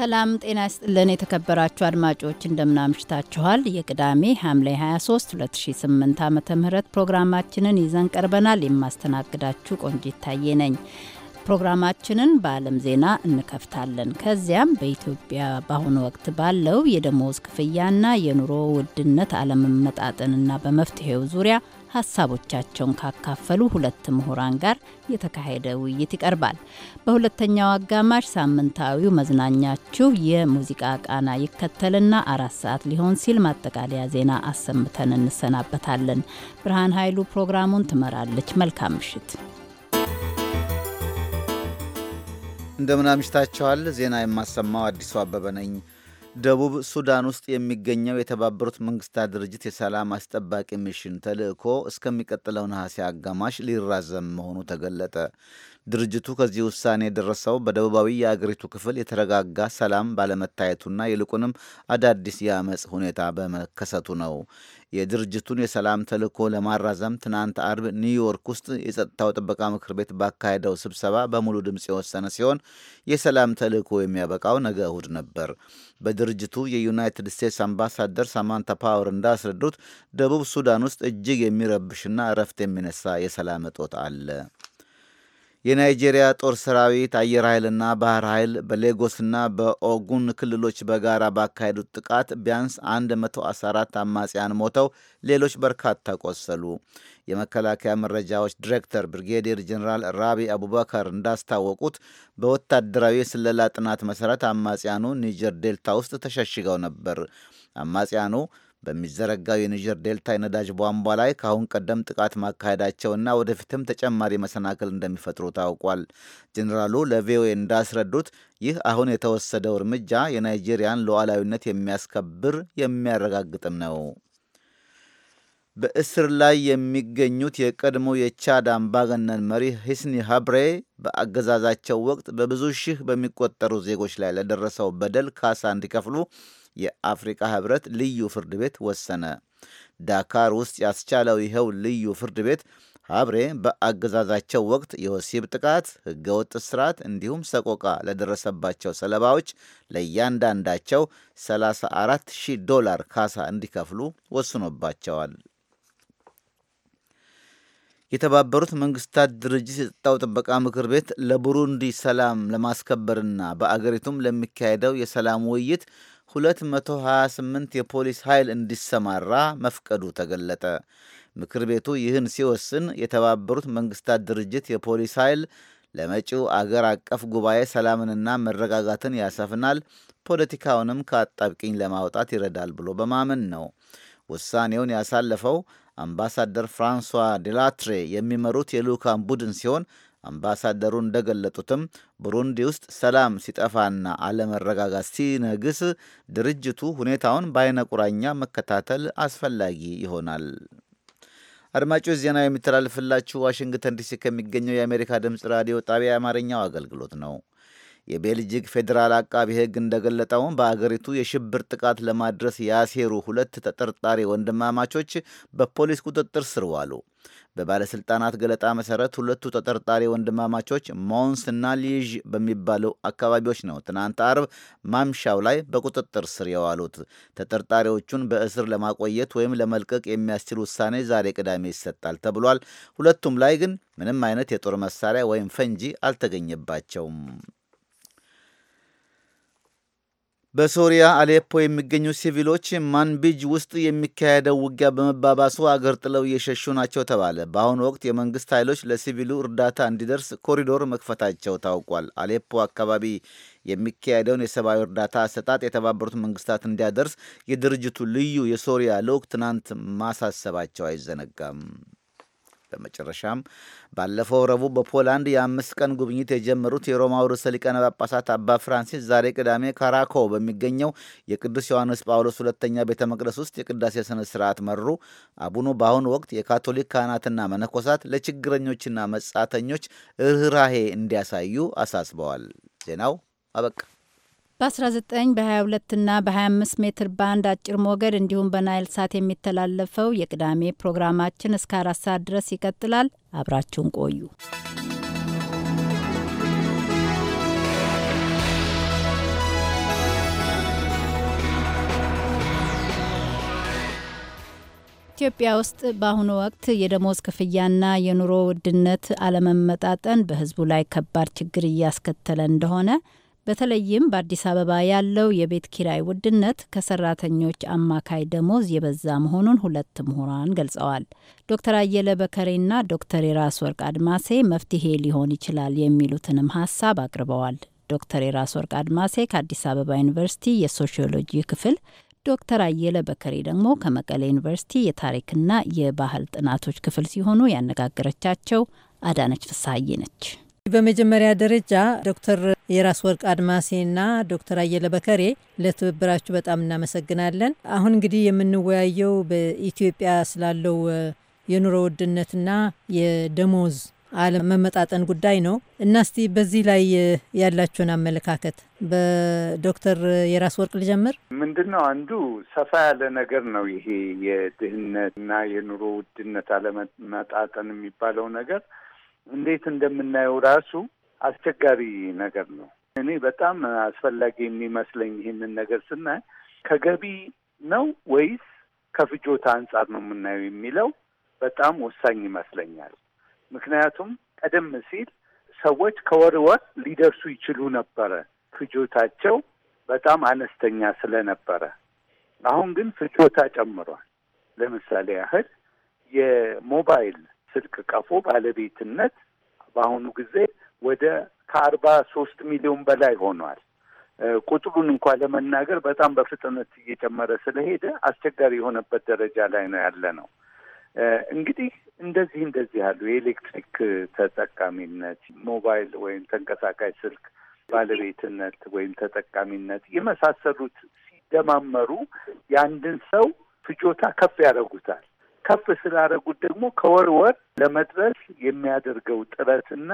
ሰላም ጤና ይስጥልን። የተከበራችሁ አድማጮች እንደምናምሽታችኋል። የቅዳሜ ሐምሌ 23 2008 ዓ ም ፕሮግራማችንን ይዘን ቀርበናል። የማስተናግዳችሁ ቆንጂት ታዬ ነኝ። ፕሮግራማችንን በዓለም ዜና እንከፍታለን። ከዚያም በኢትዮጵያ በአሁኑ ወቅት ባለው የደሞዝ ክፍያና የኑሮ ውድነት አለመመጣጠንና በመፍትሄው ዙሪያ ሀሳቦቻቸውን ካካፈሉ ሁለት ምሁራን ጋር የተካሄደ ውይይት ይቀርባል። በሁለተኛው አጋማሽ ሳምንታዊው መዝናኛችሁ የሙዚቃ ቃና ይከተልና አራት ሰዓት ሊሆን ሲል ማጠቃለያ ዜና አሰምተን እንሰናበታለን። ብርሃን ኃይሉ ፕሮግራሙን ትመራለች። መልካም ምሽት። እንደምን አምሽታችኋል። ዜና የማሰማው አዲሱ አበበ ነኝ። ደቡብ ሱዳን ውስጥ የሚገኘው የተባበሩት መንግስታት ድርጅት የሰላም አስጠባቂ ሚሽን ተልዕኮ እስከሚቀጥለው ነሐሴ አጋማሽ ሊራዘም መሆኑ ተገለጠ። ድርጅቱ ከዚህ ውሳኔ የደረሰው በደቡባዊ የአገሪቱ ክፍል የተረጋጋ ሰላም ባለመታየቱና ይልቁንም አዳዲስ የአመፅ ሁኔታ በመከሰቱ ነው። የድርጅቱን የሰላም ተልዕኮ ለማራዘም ትናንት አርብ ኒውዮርክ ውስጥ የጸጥታው ጥበቃ ምክር ቤት ባካሄደው ስብሰባ በሙሉ ድምፅ የወሰነ ሲሆን የሰላም ተልዕኮ የሚያበቃው ነገ እሁድ ነበር። በድርጅቱ የዩናይትድ ስቴትስ አምባሳደር ሳማንታ ፓወር እንዳስረዱት ደቡብ ሱዳን ውስጥ እጅግ የሚረብሽና እረፍት የሚነሳ የሰላም እጦት አለ። የናይጄሪያ ጦር ሰራዊት አየር ኃይልና ባህር ኃይል በሌጎስና በኦጉን ክልሎች በጋራ ባካሄዱት ጥቃት ቢያንስ 114 አማጽያን ሞተው ሌሎች በርካታ ቆሰሉ። የመከላከያ መረጃዎች ዲሬክተር ብሪጌዲየር ጀኔራል ራቢ አቡበከር እንዳስታወቁት በወታደራዊ የስለላ ጥናት መሠረት አማጽያኑ ኒጀር ዴልታ ውስጥ ተሸሽገው ነበር። አማጽያኑ በሚዘረጋው የኒጀር ዴልታ የነዳጅ ቧንቧ ላይ ከአሁን ቀደም ጥቃት ማካሄዳቸውና ወደፊትም ተጨማሪ መሰናክል እንደሚፈጥሩ ታውቋል። ጀኔራሉ ለቪኦኤ እንዳስረዱት ይህ አሁን የተወሰደው እርምጃ የናይጄሪያን ሉዓላዊነት የሚያስከብር የሚያረጋግጥም ነው። በእስር ላይ የሚገኙት የቀድሞ የቻድ አምባገነን መሪ ሂስኒ ሀብሬ በአገዛዛቸው ወቅት በብዙ ሺህ በሚቆጠሩ ዜጎች ላይ ለደረሰው በደል ካሳ እንዲከፍሉ የአፍሪቃ ህብረት ልዩ ፍርድ ቤት ወሰነ። ዳካር ውስጥ ያስቻለው ይኸው ልዩ ፍርድ ቤት ሀብሬ በአገዛዛቸው ወቅት የወሲብ ጥቃት፣ ህገወጥ ስርዓት እንዲሁም ሰቆቃ ለደረሰባቸው ሰለባዎች ለእያንዳንዳቸው 34 ሺህ ዶላር ካሳ እንዲከፍሉ ወስኖባቸዋል። የተባበሩት መንግስታት ድርጅት የጸጥታው ጥበቃ ምክር ቤት ለቡሩንዲ ሰላም ለማስከበርና በአገሪቱም ለሚካሄደው የሰላም ውይይት 228 የፖሊስ ኃይል እንዲሰማራ መፍቀዱ ተገለጠ። ምክር ቤቱ ይህን ሲወስን የተባበሩት መንግስታት ድርጅት የፖሊስ ኃይል ለመጪው አገር አቀፍ ጉባኤ ሰላምንና መረጋጋትን ያሰፍናል፣ ፖለቲካውንም ከአጣብቂኝ ለማውጣት ይረዳል ብሎ በማመን ነው። ውሳኔውን ያሳለፈው አምባሳደር ፍራንሷ ዴላትሬ የሚመሩት የልዑካን ቡድን ሲሆን አምባሳደሩ እንደገለጡትም ብሩንዲ ውስጥ ሰላም ሲጠፋና አለመረጋጋት ሲነግስ ድርጅቱ ሁኔታውን በአይነ ቁራኛ መከታተል አስፈላጊ ይሆናል። አድማጮች ዜና የሚተላልፍላችሁ ዋሽንግተን ዲሲ ከሚገኘው የአሜሪካ ድምፅ ራዲዮ ጣቢያ የአማርኛው አገልግሎት ነው። የቤልጂክ ፌዴራል አቃቢ ሕግ እንደገለጠው በአገሪቱ የሽብር ጥቃት ለማድረስ ያሴሩ ሁለት ተጠርጣሪ ወንድማማቾች በፖሊስ ቁጥጥር ስር ዋሉ። በባለሥልጣናት ገለጣ መሠረት ሁለቱ ተጠርጣሪ ወንድማማቾች ሞንስ እና ሊዥ በሚባሉ አካባቢዎች ነው ትናንት አርብ ማምሻው ላይ በቁጥጥር ስር የዋሉት። ተጠርጣሪዎቹን በእስር ለማቆየት ወይም ለመልቀቅ የሚያስችል ውሳኔ ዛሬ ቅዳሜ ይሰጣል ተብሏል። ሁለቱም ላይ ግን ምንም አይነት የጦር መሳሪያ ወይም ፈንጂ አልተገኘባቸውም። በሶሪያ አሌፖ የሚገኙ ሲቪሎች ማንቢጅ ውስጥ የሚካሄደው ውጊያ በመባባሱ አገር ጥለው እየሸሹ ናቸው ተባለ። በአሁኑ ወቅት የመንግስት ኃይሎች ለሲቪሉ እርዳታ እንዲደርስ ኮሪዶር መክፈታቸው ታውቋል። አሌፖ አካባቢ የሚካሄደውን የሰብአዊ እርዳታ አሰጣጥ የተባበሩት መንግስታት እንዲያደርስ የድርጅቱ ልዩ የሶሪያ ልዑክ ትናንት ማሳሰባቸው አይዘነጋም። በመጨረሻም ባለፈው ረቡዕ በፖላንድ የአምስት ቀን ጉብኝት የጀመሩት የሮማው ርዕሰ ሊቀነ ጳጳሳት አባ ፍራንሲስ ዛሬ ቅዳሜ ካራኮ በሚገኘው የቅዱስ ዮሐንስ ጳውሎስ ሁለተኛ ቤተ መቅደስ ውስጥ የቅዳሴ ስነ ስርዓት መሩ። አቡኑ በአሁኑ ወቅት የካቶሊክ ካህናትና መነኮሳት ለችግረኞችና መጻተኞች ርኅራሄ እንዲያሳዩ አሳስበዋል። ዜናው አበቃ። በ19 በ22 እና በ25 ሜትር ባንድ አጭር ሞገድ እንዲሁም በናይል ሳት የሚተላለፈው የቅዳሜ ፕሮግራማችን እስከ አራት ሰዓት ድረስ ይቀጥላል። አብራችሁን ቆዩ። ኢትዮጵያ ውስጥ በአሁኑ ወቅት የደሞዝ ክፍያና የኑሮ ውድነት አለመመጣጠን በሕዝቡ ላይ ከባድ ችግር እያስከተለ እንደሆነ በተለይም በአዲስ አበባ ያለው የቤት ኪራይ ውድነት ከሰራተኞች አማካይ ደሞዝ የበዛ መሆኑን ሁለት ምሁራን ገልጸዋል። ዶክተር አየለ በከሬና ዶክተር የራስ ወርቅ አድማሴ መፍትሄ ሊሆን ይችላል የሚሉትንም ሀሳብ አቅርበዋል። ዶክተር የራስ ወርቅ አድማሴ ከአዲስ አበባ ዩኒቨርሲቲ የሶሽዮሎጂ ክፍል ዶክተር አየለ በከሬ ደግሞ ከመቀሌ ዩኒቨርሲቲ የታሪክና የባህል ጥናቶች ክፍል ሲሆኑ ያነጋገረቻቸው አዳነች ፍስሀዬ ነች። በመጀመሪያ ደረጃ ዶክተር የራስ ወርቅ አድማሴና ዶክተር አየለ በከሬ ለትብብራችሁ በጣም እናመሰግናለን። አሁን እንግዲህ የምንወያየው በኢትዮጵያ ስላለው የኑሮ ውድነትና የደሞዝ አለመመጣጠን ጉዳይ ነው እና እስቲ በዚህ ላይ ያላችሁን አመለካከት በዶክተር የራስ ወርቅ ልጀምር። ምንድን ነው አንዱ ሰፋ ያለ ነገር ነው ይሄ የድህነት እና የኑሮ ውድነት አለመመጣጠን የሚባለው ነገር እንዴት እንደምናየው ራሱ አስቸጋሪ ነገር ነው። እኔ በጣም አስፈላጊ የሚመስለኝ ይህንን ነገር ስናይ ከገቢ ነው ወይስ ከፍጆታ አንጻር ነው የምናየው የሚለው በጣም ወሳኝ ይመስለኛል። ምክንያቱም ቀደም ሲል ሰዎች ከወር ወር ሊደርሱ ይችሉ ነበረ፣ ፍጆታቸው በጣም አነስተኛ ስለነበረ። አሁን ግን ፍጆታ ጨምሯል። ለምሳሌ ያህል የሞባይል ስልክ ቀፎ ባለቤትነት በአሁኑ ጊዜ ወደ ከአርባ ሶስት ሚሊዮን በላይ ሆኗል። ቁጥሩን እንኳ ለመናገር በጣም በፍጥነት እየጨመረ ስለሄደ አስቸጋሪ የሆነበት ደረጃ ላይ ነው ያለ ነው። እንግዲህ እንደዚህ እንደዚህ ያሉ የኤሌክትሪክ ተጠቃሚነት፣ ሞባይል ወይም ተንቀሳቃሽ ስልክ ባለቤትነት ወይም ተጠቃሚነት የመሳሰሉት ሲደማመሩ የአንድን ሰው ፍጆታ ከፍ ያደርጉታል። ከፍ ስላደረጉት ደግሞ ከወር ወር ለመድረስ የሚያደርገው ጥረትና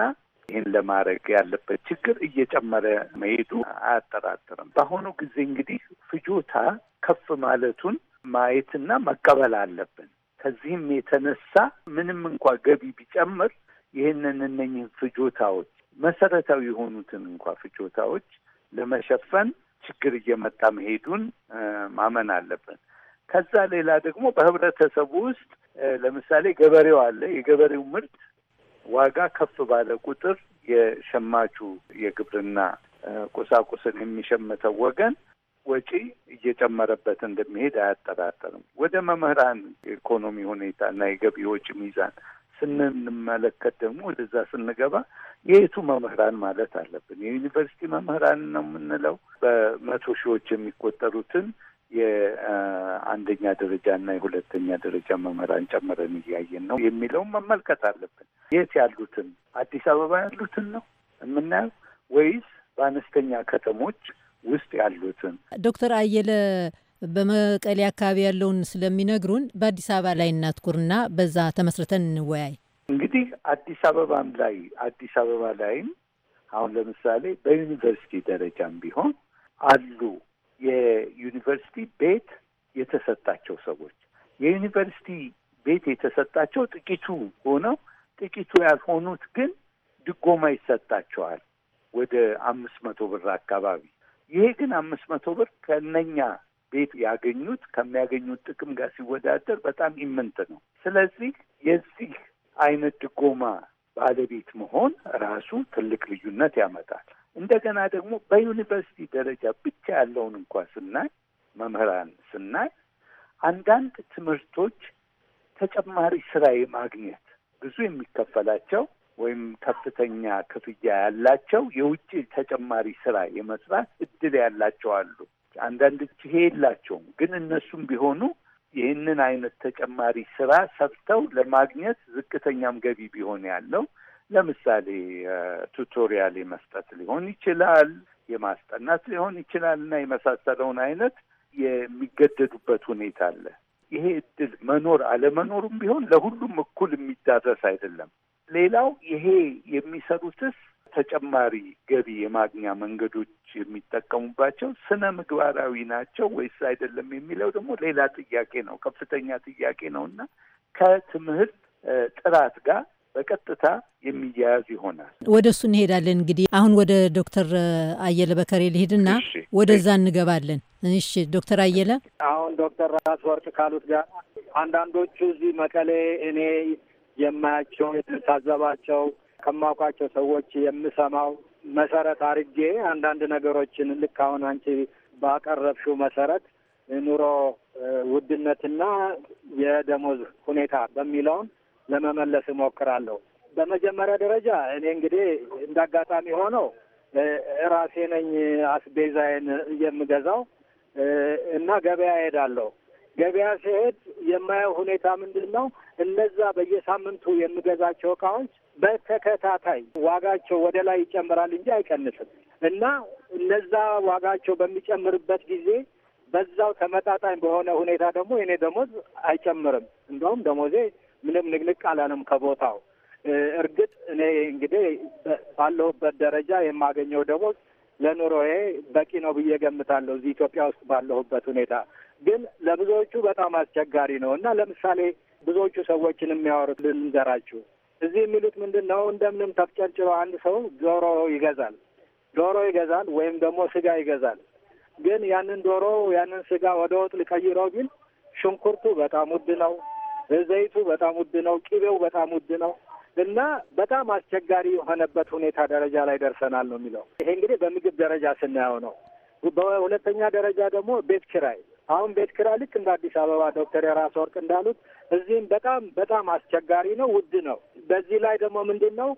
ይህን ለማድረግ ያለበት ችግር እየጨመረ መሄዱ አያጠራጥርም። በአሁኑ ጊዜ እንግዲህ ፍጆታ ከፍ ማለቱን ማየትና መቀበል አለብን። ከዚህም የተነሳ ምንም እንኳ ገቢ ቢጨምር ይህንን እነኝህን ፍጆታዎች መሰረታዊ የሆኑትን እንኳ ፍጆታዎች ለመሸፈን ችግር እየመጣ መሄዱን ማመን አለብን። ከዛ ሌላ ደግሞ በህብረተሰቡ ውስጥ ለምሳሌ ገበሬው አለ። የገበሬው ምርት ዋጋ ከፍ ባለ ቁጥር የሸማቹ የግብርና ቁሳቁስን የሚሸምተው ወገን ወጪ እየጨመረበት እንደሚሄድ አያጠራጠርም። ወደ መምህራን የኢኮኖሚ ሁኔታ እና የገቢ ወጪ ሚዛን ስንመለከት ደግሞ ወደዛ ስንገባ የየቱ መምህራን ማለት አለብን? የዩኒቨርሲቲ መምህራን ነው የምንለው በመቶ ሺዎች የሚቆጠሩትን የአንደኛ ደረጃ እና የሁለተኛ ደረጃ መምህራን ጨምረን እያየን ነው የሚለውን መመልከት አለብን። የት ያሉትን አዲስ አበባ ያሉትን ነው የምናየው ወይስ በአነስተኛ ከተሞች ውስጥ ያሉትን? ዶክተር አየለ በመቀሌ አካባቢ ያለውን ስለሚነግሩን በአዲስ አበባ ላይ እናትኩርና በዛ ተመስርተን እንወያይ። እንግዲህ አዲስ አበባም ላይ አዲስ አበባ ላይም አሁን ለምሳሌ በዩኒቨርሲቲ ደረጃም ቢሆን አሉ የዩኒቨርሲቲ ቤት የተሰጣቸው ሰዎች የዩኒቨርሲቲ ቤት የተሰጣቸው ጥቂቱ ሆነው ጥቂቱ ያልሆኑት ግን ድጎማ ይሰጣቸዋል ወደ አምስት መቶ ብር አካባቢ። ይሄ ግን አምስት መቶ ብር ከእነኛ ቤት ያገኙት ከሚያገኙት ጥቅም ጋር ሲወዳደር በጣም ኢምንት ነው። ስለዚህ የዚህ አይነት ድጎማ ባለቤት መሆን ራሱ ትልቅ ልዩነት ያመጣል። እንደገና ደግሞ በዩኒቨርሲቲ ደረጃ ብቻ ያለውን እንኳ ስናይ መምህራን ስናይ አንዳንድ ትምህርቶች ተጨማሪ ስራ የማግኘት ብዙ የሚከፈላቸው ወይም ከፍተኛ ክፍያ ያላቸው የውጭ ተጨማሪ ስራ የመስራት እድል ያላቸው አሉ። አንዳንዶች ይሄ የላቸውም፣ ግን እነሱም ቢሆኑ ይህንን አይነት ተጨማሪ ስራ ሰርተው ለማግኘት ዝቅተኛም ገቢ ቢሆን ያለው ለምሳሌ ቱቶሪያል የመስጠት ሊሆን ይችላል፣ የማስጠናት ሊሆን ይችላል እና የመሳሰለውን አይነት የሚገደዱበት ሁኔታ አለ። ይሄ እድል መኖር አለመኖሩም ቢሆን ለሁሉም እኩል የሚዳረስ አይደለም። ሌላው ይሄ የሚሰሩትስ ተጨማሪ ገቢ የማግኛ መንገዶች የሚጠቀሙባቸው ስነ ምግባራዊ ናቸው ወይስ አይደለም የሚለው ደግሞ ሌላ ጥያቄ ነው፣ ከፍተኛ ጥያቄ ነው እና ከትምህርት ጥራት ጋር በቀጥታ የሚያያዝ ይሆናል። ወደ እሱ እንሄዳለን። እንግዲህ አሁን ወደ ዶክተር አየለ በከሬ ልሄድና ወደዛ እንገባለን። እሺ ዶክተር አየለ አሁን ዶክተር ራስ ወርቅ ካሉት ጋር አንዳንዶቹ እዚህ መቀሌ እኔ የማያቸው የምታዘባቸው ከማውቃቸው ሰዎች የምሰማው መሰረት አድርጌ አንዳንድ ነገሮችን ልክ አሁን አንቺ ባቀረብሽው መሰረት ኑሮ ውድነትና የደሞዝ ሁኔታ በሚለውን ለመመለስ እሞክራለሁ። በመጀመሪያ ደረጃ እኔ እንግዲህ እንደ አጋጣሚ ሆነው ራሴ ነኝ አስቤዛዬን የምገዛው እና ገበያ እሄዳለሁ። ገበያ ሲሄድ የማየው ሁኔታ ምንድን ነው? እነዛ በየሳምንቱ የምገዛቸው እቃዎች በተከታታይ ዋጋቸው ወደ ላይ ይጨምራል እንጂ አይቀንስም እና እነዛ ዋጋቸው በሚጨምርበት ጊዜ በዛው ተመጣጣኝ በሆነ ሁኔታ ደግሞ የኔ ደሞዝ አይጨምርም። እንደውም ደሞዜ ምንም ንቅንቅ አላለም ከቦታው። እርግጥ እኔ እንግዲህ ባለሁበት ደረጃ የማገኘው ደሞዝ ለኑሮዬ በቂ ነው ብዬ ገምታለሁ። እዚህ ኢትዮጵያ ውስጥ ባለሁበት ሁኔታ ግን ለብዙዎቹ በጣም አስቸጋሪ ነው እና ለምሳሌ ብዙዎቹ ሰዎችን የሚያወሩት ልንገራችሁ። እዚህ የሚሉት ምንድን ነው? እንደምንም ተፍጨርጭሮ አንድ ሰው ዶሮ ይገዛል፣ ዶሮ ይገዛል ወይም ደግሞ ስጋ ይገዛል። ግን ያንን ዶሮ ያንን ስጋ ወደ ወጥ ሊቀይረው ቢል ሽንኩርቱ በጣም ውድ ነው፣ ዘይቱ በጣም ውድ ነው፣ ቂቤው በጣም ውድ ነው እና በጣም አስቸጋሪ የሆነበት ሁኔታ ደረጃ ላይ ደርሰናል ነው የሚለው። ይሄ እንግዲህ በምግብ ደረጃ ስናየው ነው። በሁለተኛ ደረጃ ደግሞ ቤት ኪራይ አሁን ቤት ኪራይ ልክ እንደ አዲስ አበባ ዶክተር የራስ ወርቅ እንዳሉት እዚህም በጣም በጣም አስቸጋሪ ነው፣ ውድ ነው። በዚህ ላይ ደግሞ ምንድን ነው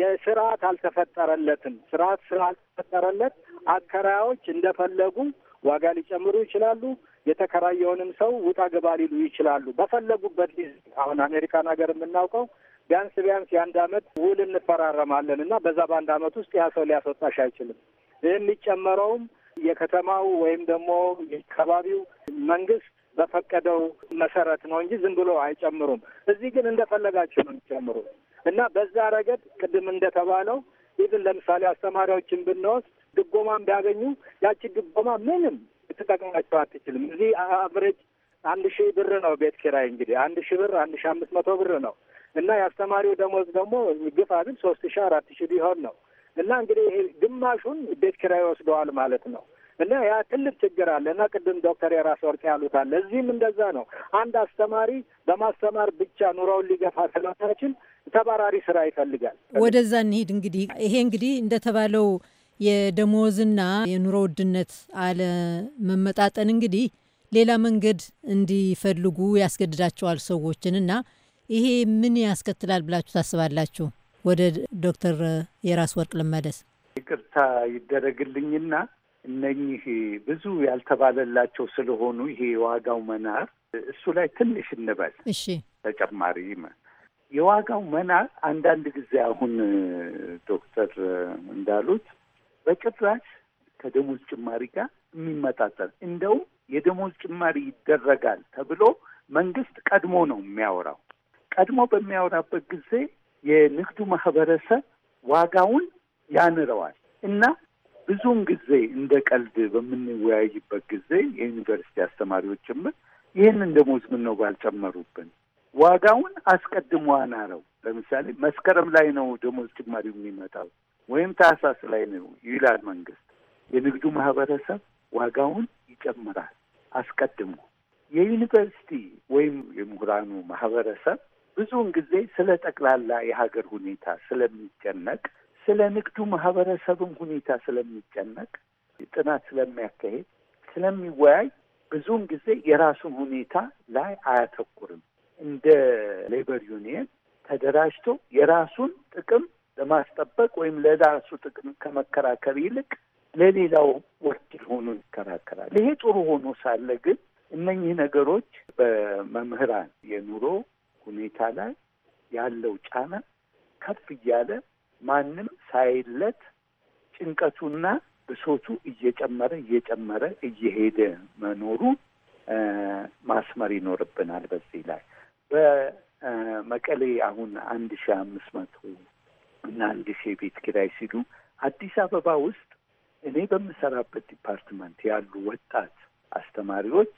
የስርዓት አልተፈጠረለትም። ስርዓት ስራ አልተፈጠረለት አከራዮች እንደፈለጉ ዋጋ ሊጨምሩ ይችላሉ። የተከራየውንም ሰው ውጣ ገባ ሊሉ ይችላሉ በፈለጉበት ሊዝ። አሁን አሜሪካን ሀገር የምናውቀው ቢያንስ ቢያንስ የአንድ አመት ውል እንፈራረማለን እና በዛ በአንድ አመት ውስጥ ያ ሰው ሊያስወጣሽ አይችልም። ይህ የሚጨመረውም የከተማው ወይም ደግሞ የአካባቢው መንግስት በፈቀደው መሰረት ነው እንጂ ዝም ብሎ አይጨምሩም። እዚህ ግን እንደፈለጋቸው ነው የሚጨምሩ እና በዛ ረገድ ቅድም እንደተባለው ኢቭን ለምሳሌ አስተማሪዎችን ብንወስድ ድጎማን ቢያገኙ ያቺ ድጎማ ምንም ልትጠቅማቸው አትችልም። እዚህ አቨሬጅ አንድ ሺህ ብር ነው ቤት ኪራይ እንግዲህ አንድ ሺህ ብር አንድ ሺህ አምስት መቶ ብር ነው እና የአስተማሪው ደሞዝ ደግሞ ግፋ ግን ሶስት ሺህ አራት ሺህ ቢሆን ነው እና እንግዲህ ይሄ ግማሹን ቤት ኪራይ ወስደዋል ማለት ነው። እና ያ ትልቅ ችግር አለ እና ቅድም ዶክተር የራስ ወርቅ ያሉት አለ። እዚህም እንደዛ ነው። አንድ አስተማሪ በማስተማር ብቻ ኑሮውን ሊገፋ ስለማይችል ተባራሪ ስራ ይፈልጋል። ወደዛ እንሂድ እንግዲህ ይሄ እንግዲህ እንደተባለው የደሞዝና የኑሮ ውድነት አለመመጣጠን እንግዲህ ሌላ መንገድ እንዲፈልጉ ያስገድዳቸዋል ሰዎችን እና ይሄ ምን ያስከትላል ብላችሁ ታስባላችሁ? ወደ ዶክተር የራስ ወርቅ ልመለስ። ይቅርታ ይደረግልኝና እነኚህ ብዙ ያልተባለላቸው ስለሆኑ ይሄ የዋጋው መናር እሱ ላይ ትንሽ እንበል። እሺ፣ ተጨማሪ የዋጋው መናር አንዳንድ ጊዜ አሁን ዶክተር እንዳሉት በጭራሽ ከደሞዝ ጭማሪ ጋር የሚመጣጠር እንደውም የደሞዝ ጭማሪ ይደረጋል ተብሎ መንግስት ቀድሞ ነው የሚያወራው። ቀድሞ በሚያወራበት ጊዜ የንግዱ ማህበረሰብ ዋጋውን ያንረዋል እና ብዙውን ጊዜ እንደ ቀልድ በምንወያይበት ጊዜ የዩኒቨርሲቲ አስተማሪዎች ጭምር ይህንን ደሞዝ ምን ነው ባልጨመሩብን፣ ዋጋውን አስቀድሞ አናረው። ለምሳሌ መስከረም ላይ ነው ደሞዝ ጭማሪው የሚመጣው ወይም ታህሳስ ላይ ነው ይላል መንግስት። የንግዱ ማህበረሰብ ዋጋውን ይጨምራል አስቀድሞ። የዩኒቨርሲቲ ወይም የምሁራኑ ማህበረሰብ ብዙውን ጊዜ ስለ ጠቅላላ የሀገር ሁኔታ ስለሚጨነቅ፣ ስለ ንግዱ ማህበረሰብም ሁኔታ ስለሚጨነቅ፣ ጥናት ስለሚያካሄድ፣ ስለሚወያይ ብዙውን ጊዜ የራሱን ሁኔታ ላይ አያተኩርም። እንደ ሌበር ዩኒየን ተደራጅቶ የራሱን ጥቅም ለማስጠበቅ ወይም ለራሱ ጥቅም ከመከራከር ይልቅ ለሌላው ወኪል ሆኖ ይከራከራል። ይሄ ጥሩ ሆኖ ሳለ ግን እነኚህ ነገሮች በመምህራን የኑሮ ሁኔታ ላይ ያለው ጫና ከፍ እያለ ማንም ሳይለት ጭንቀቱና ብሶቱ እየጨመረ እየጨመረ እየሄደ መኖሩ ማስመር ይኖርብናል። በዚህ ላይ በመቀሌ አሁን አንድ ሺህ አምስት መቶ እና አንዲስ የቤት ኪራይ ሲሉ አዲስ አበባ ውስጥ እኔ በምሰራበት ዲፓርትመንት ያሉ ወጣት አስተማሪዎች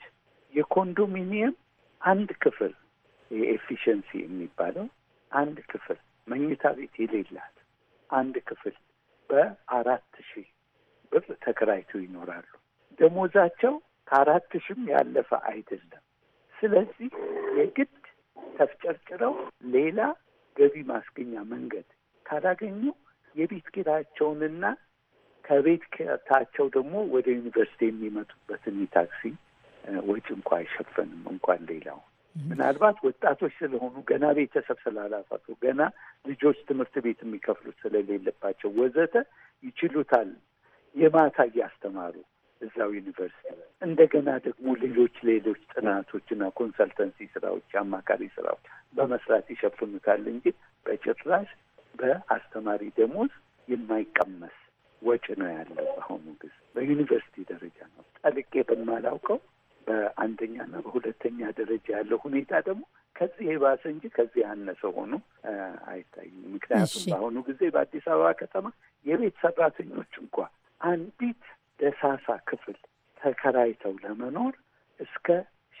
የኮንዶሚኒየም አንድ ክፍል የኤፊሽንሲ የሚባለው አንድ ክፍል መኝታ ቤት የሌላት አንድ ክፍል በአራት ሺህ ብር ተከራይተው ይኖራሉ። ደሞዛቸው ከአራት ሺህም ያለፈ አይደለም። ስለዚህ የግድ ተፍጨርጭረው ሌላ ገቢ ማስገኛ መንገድ ካላገኙ የቤት ኪራያቸውንና ከቤት ኪራያቸው ደግሞ ወደ ዩኒቨርሲቲ የሚመጡበትን የታክሲ ወጪ እንኳ አይሸፈንም። እንኳን ሌላው ምናልባት ወጣቶች ስለሆኑ ገና ቤተሰብ ስላላፋቱ ገና ልጆች ትምህርት ቤት የሚከፍሉት ስለሌለባቸው ወዘተ ይችሉታል የማታ እያስተማሩ እዛው ዩኒቨርሲቲ እንደገና ደግሞ ሌሎች ሌሎች ጥናቶችና ኮንሰልተንሲ ስራዎች፣ አማካሪ ስራዎች በመስራት ይሸፍኑታል እንጂ በጭራሽ በአስተማሪ ደሞዝ የማይቀመስ ወጪ ነው ያለው። በአሁኑ ጊዜ በዩኒቨርሲቲ ደረጃ ነው ጠልቄ በማላውቀው በአንደኛና በሁለተኛ ደረጃ ያለው ሁኔታ ደግሞ ከዚህ የባሰ እንጂ ከዚህ ያነሰ ሆኖ አይታይም። ምክንያቱም በአሁኑ ጊዜ በአዲስ አበባ ከተማ የቤት ሰራተኞች እንኳ አንዲት ደሳሳ ክፍል ተከራይተው ለመኖር እስከ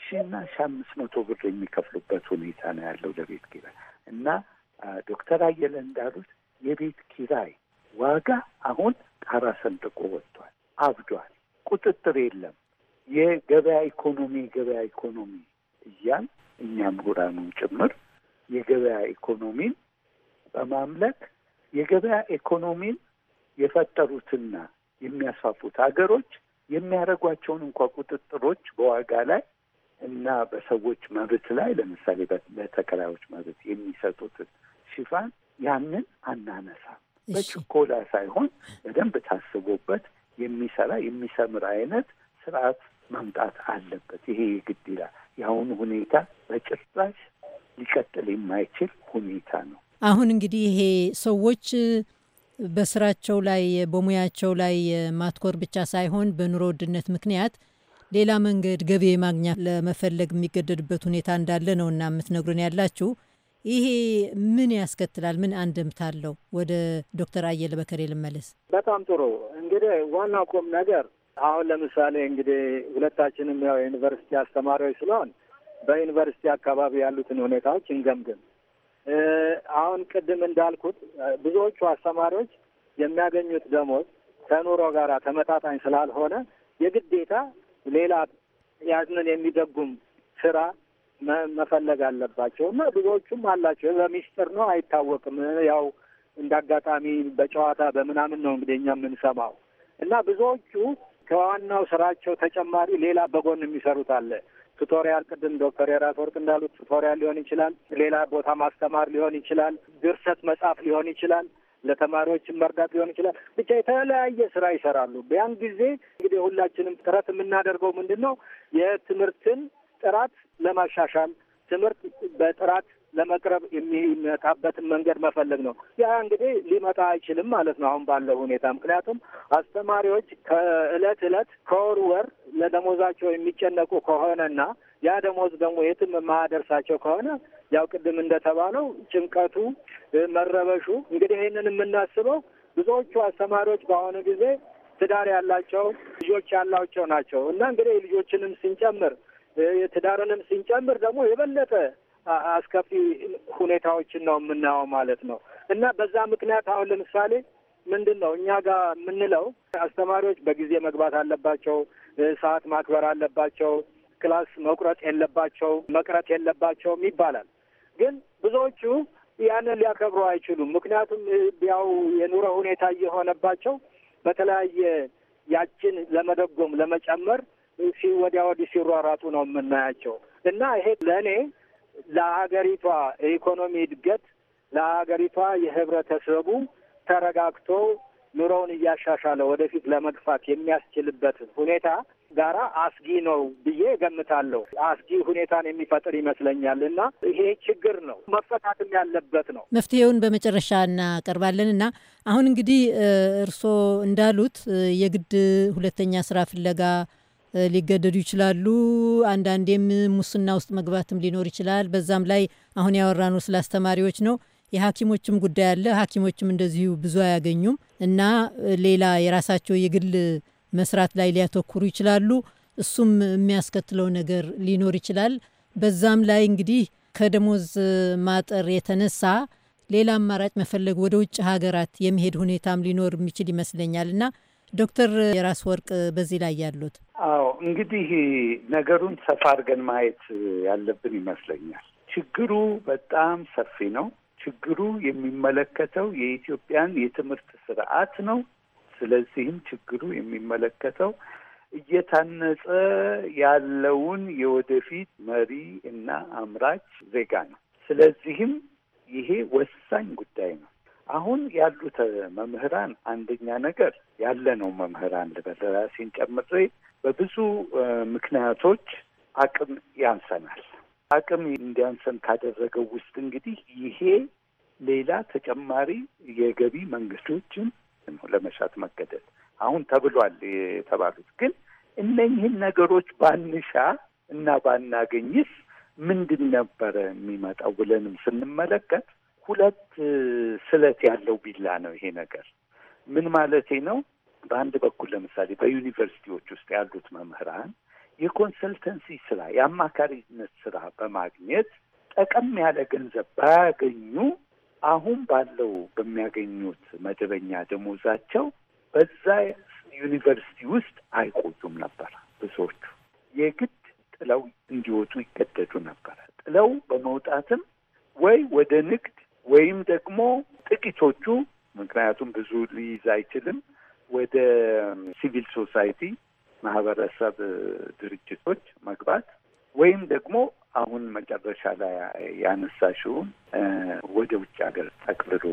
ሺና ሺ አምስት መቶ ብር የሚከፍሉበት ሁኔታ ነው ያለው ለቤት ኪራይ እና ዶክተር አየለ እንዳሉት የቤት ኪራይ ዋጋ አሁን ጣራ ሰንጥቆ ወጥቷል፣ አብዷል። ቁጥጥር የለም። የገበያ ኢኮኖሚ ገበያ ኢኮኖሚ እያል እኛ ምሁራኑም ጭምር የገበያ ኢኮኖሚን በማምለክ የገበያ ኢኮኖሚን የፈጠሩትና የሚያስፋፉት ሀገሮች የሚያደርጓቸውን እንኳ ቁጥጥሮች በዋጋ ላይ እና በሰዎች መብት ላይ ለምሳሌ ለተከራዮች መብት የሚሰጡትን ሽፋን ያንን አናነሳ በችኮላ ሳይሆን በደንብ ታስቦበት የሚሰራ የሚሰምር አይነት ስርዓት መምጣት አለበት። ይሄ የግድ ይላል። የአሁኑ ሁኔታ በጭራሽ ሊቀጥል የማይችል ሁኔታ ነው። አሁን እንግዲህ ይሄ ሰዎች በስራቸው ላይ በሙያቸው ላይ ማትኮር ብቻ ሳይሆን በኑሮ ውድነት ምክንያት ሌላ መንገድ ገቢ ማግኛ ለመፈለግ የሚገደድበት ሁኔታ እንዳለ ነው እና የምትነግሩን ያላችሁ ይሄ ምን ያስከትላል? ምን አንድምታ አለው? ወደ ዶክተር አየለ በከሬ ልመለስ። በጣም ጥሩ እንግዲህ ዋና ቁም ነገር አሁን ለምሳሌ እንግዲህ ሁለታችንም ያው የዩኒቨርሲቲ አስተማሪዎች ስለሆን በዩኒቨርሲቲ አካባቢ ያሉትን ሁኔታዎች እንገምግም። አሁን ቅድም እንዳልኩት ብዙዎቹ አስተማሪዎች የሚያገኙት ደሞዝ ከኑሮ ጋር ተመጣጣኝ ስላልሆነ የግዴታ ሌላ ያንን የሚደጉም ስራ መፈለግ አለባቸው እና ብዙዎቹም አላቸው። በሚስጥር ነው አይታወቅም። ያው እንደ አጋጣሚ በጨዋታ በምናምን ነው እንግዲህ እኛ የምንሰማው እና ብዙዎቹ ከዋናው ስራቸው ተጨማሪ ሌላ በጎን የሚሰሩት አለ። ቱቶሪያል፣ ቅድም ዶክተር የራት ወርቅ እንዳሉት ቱቶሪያል ሊሆን ይችላል፣ ሌላ ቦታ ማስተማር ሊሆን ይችላል፣ ድርሰት መጻፍ ሊሆን ይችላል፣ ለተማሪዎችን መርዳት ሊሆን ይችላል። ብቻ የተለያየ ስራ ይሰራሉ። ያን ጊዜ እንግዲህ ሁላችንም ጥረት የምናደርገው ምንድን ነው የትምህርትን ጥራት ለማሻሻል ትምህርት በጥራት ለመቅረብ የሚመጣበትን መንገድ መፈለግ ነው። ያ እንግዲህ ሊመጣ አይችልም ማለት ነው አሁን ባለው ሁኔታ። ምክንያቱም አስተማሪዎች ከእለት እለት ከወር ወር ለደሞዛቸው የሚጨነቁ ከሆነና ያ ደሞዝ ደግሞ የትም የማያደርሳቸው ከሆነ ያው ቅድም እንደተባለው ጭንቀቱ፣ መረበሹ እንግዲህ ይህንን የምናስበው ብዙዎቹ አስተማሪዎች በአሁኑ ጊዜ ትዳር ያላቸው ልጆች ያላቸው ናቸው እና እንግዲህ ልጆችንም ስንጨምር የትዳርንም ስንጨምር ደግሞ የበለጠ አስከፊ ሁኔታዎችን ነው የምናየው ማለት ነው። እና በዛ ምክንያት አሁን ለምሳሌ ምንድን ነው እኛ ጋር የምንለው አስተማሪዎች በጊዜ መግባት አለባቸው፣ ሰዓት ማክበር አለባቸው፣ ክላስ መቁረጥ የለባቸው መቅረት የለባቸውም ይባላል። ግን ብዙዎቹ ያንን ሊያከብሩ አይችሉም። ምክንያቱም ያው የኑሮ ሁኔታ እየሆነባቸው በተለያየ ያችን ለመደጎም ለመጨመር ወዲያ ወዲህ ሲሯሯጡ ነው የምናያቸው እና ይሄ ለእኔ ለሀገሪቷ የኢኮኖሚ እድገት ለሀገሪቷ የህብረተሰቡ ተረጋግቶ ኑሮውን እያሻሻለ ወደፊት ለመግፋት የሚያስችልበት ሁኔታ ጋራ አስጊ ነው ብዬ ገምታለሁ። አስጊ ሁኔታን የሚፈጥር ይመስለኛል እና ይሄ ችግር ነው መፈታትም ያለበት ነው። መፍትሄውን በመጨረሻ እናቀርባለን እና አሁን እንግዲህ እርስዎ እንዳሉት የግድ ሁለተኛ ስራ ፍለጋ ሊገደዱ ይችላሉ። አንዳንዴም ሙስና ውስጥ መግባትም ሊኖር ይችላል። በዛም ላይ አሁን ያወራነው ስለ አስተማሪዎች ነው። የሐኪሞችም ጉዳይ አለ። ሐኪሞችም እንደዚሁ ብዙ አያገኙም እና ሌላ የራሳቸው የግል መስራት ላይ ሊያተኩሩ ይችላሉ። እሱም የሚያስከትለው ነገር ሊኖር ይችላል። በዛም ላይ እንግዲህ ከደሞዝ ማጠር የተነሳ ሌላ አማራጭ መፈለግ ወደ ውጭ ሀገራት የሚሄድ ሁኔታም ሊኖር የሚችል ይመስለኛል እና ዶክተር የራስ ወርቅ በዚህ ላይ ያሉት? አዎ እንግዲህ ነገሩን ሰፋ አድርገን ማየት ያለብን ይመስለኛል። ችግሩ በጣም ሰፊ ነው። ችግሩ የሚመለከተው የኢትዮጵያን የትምህርት ስርዓት ነው። ስለዚህም ችግሩ የሚመለከተው እየታነጸ ያለውን የወደፊት መሪ እና አምራች ዜጋ ነው። ስለዚህም ይሄ ወሳኝ ጉዳይ ነው። አሁን ያሉት መምህራን አንደኛ ነገር ያለ ነው መምህራን ልበል ራሴን ጨምሬ በብዙ ምክንያቶች አቅም ያንሰናል። አቅም እንዲያንሰን ካደረገው ውስጥ እንግዲህ ይሄ ሌላ ተጨማሪ የገቢ መንገዶችን ለመሻት መገደል አሁን ተብሏል የተባሉት ግን እነኝህን ነገሮች ባንሻ እና ባናገኝስ ምንድን ነበረ የሚመጣው ብለንም ስንመለከት ሁለት ስለት ያለው ቢላ ነው ይሄ ነገር። ምን ማለቴ ነው? በአንድ በኩል ለምሳሌ በዩኒቨርሲቲዎች ውስጥ ያሉት መምህራን የኮንሰልተንሲ ስራ የአማካሪነት ስራ በማግኘት ጠቀም ያለ ገንዘብ ባያገኙ አሁን ባለው በሚያገኙት መደበኛ ደሞዛቸው በዛ ዩኒቨርሲቲ ውስጥ አይቆዩም ነበር። ብዙዎቹ የግድ ጥለው እንዲወጡ ይገደዱ ነበረ። ጥለው በመውጣትም ወይ ወደ ንግድ ወይም ደግሞ ጥቂቶቹ ምክንያቱም ብዙ ሊይዝ አይችልም ወደ ሲቪል ሶሳይቲ ማህበረሰብ ድርጅቶች መግባት ወይም ደግሞ አሁን መጨረሻ ላይ ያነሳሽውን ወደ ውጭ ሀገር ጠቅልሎ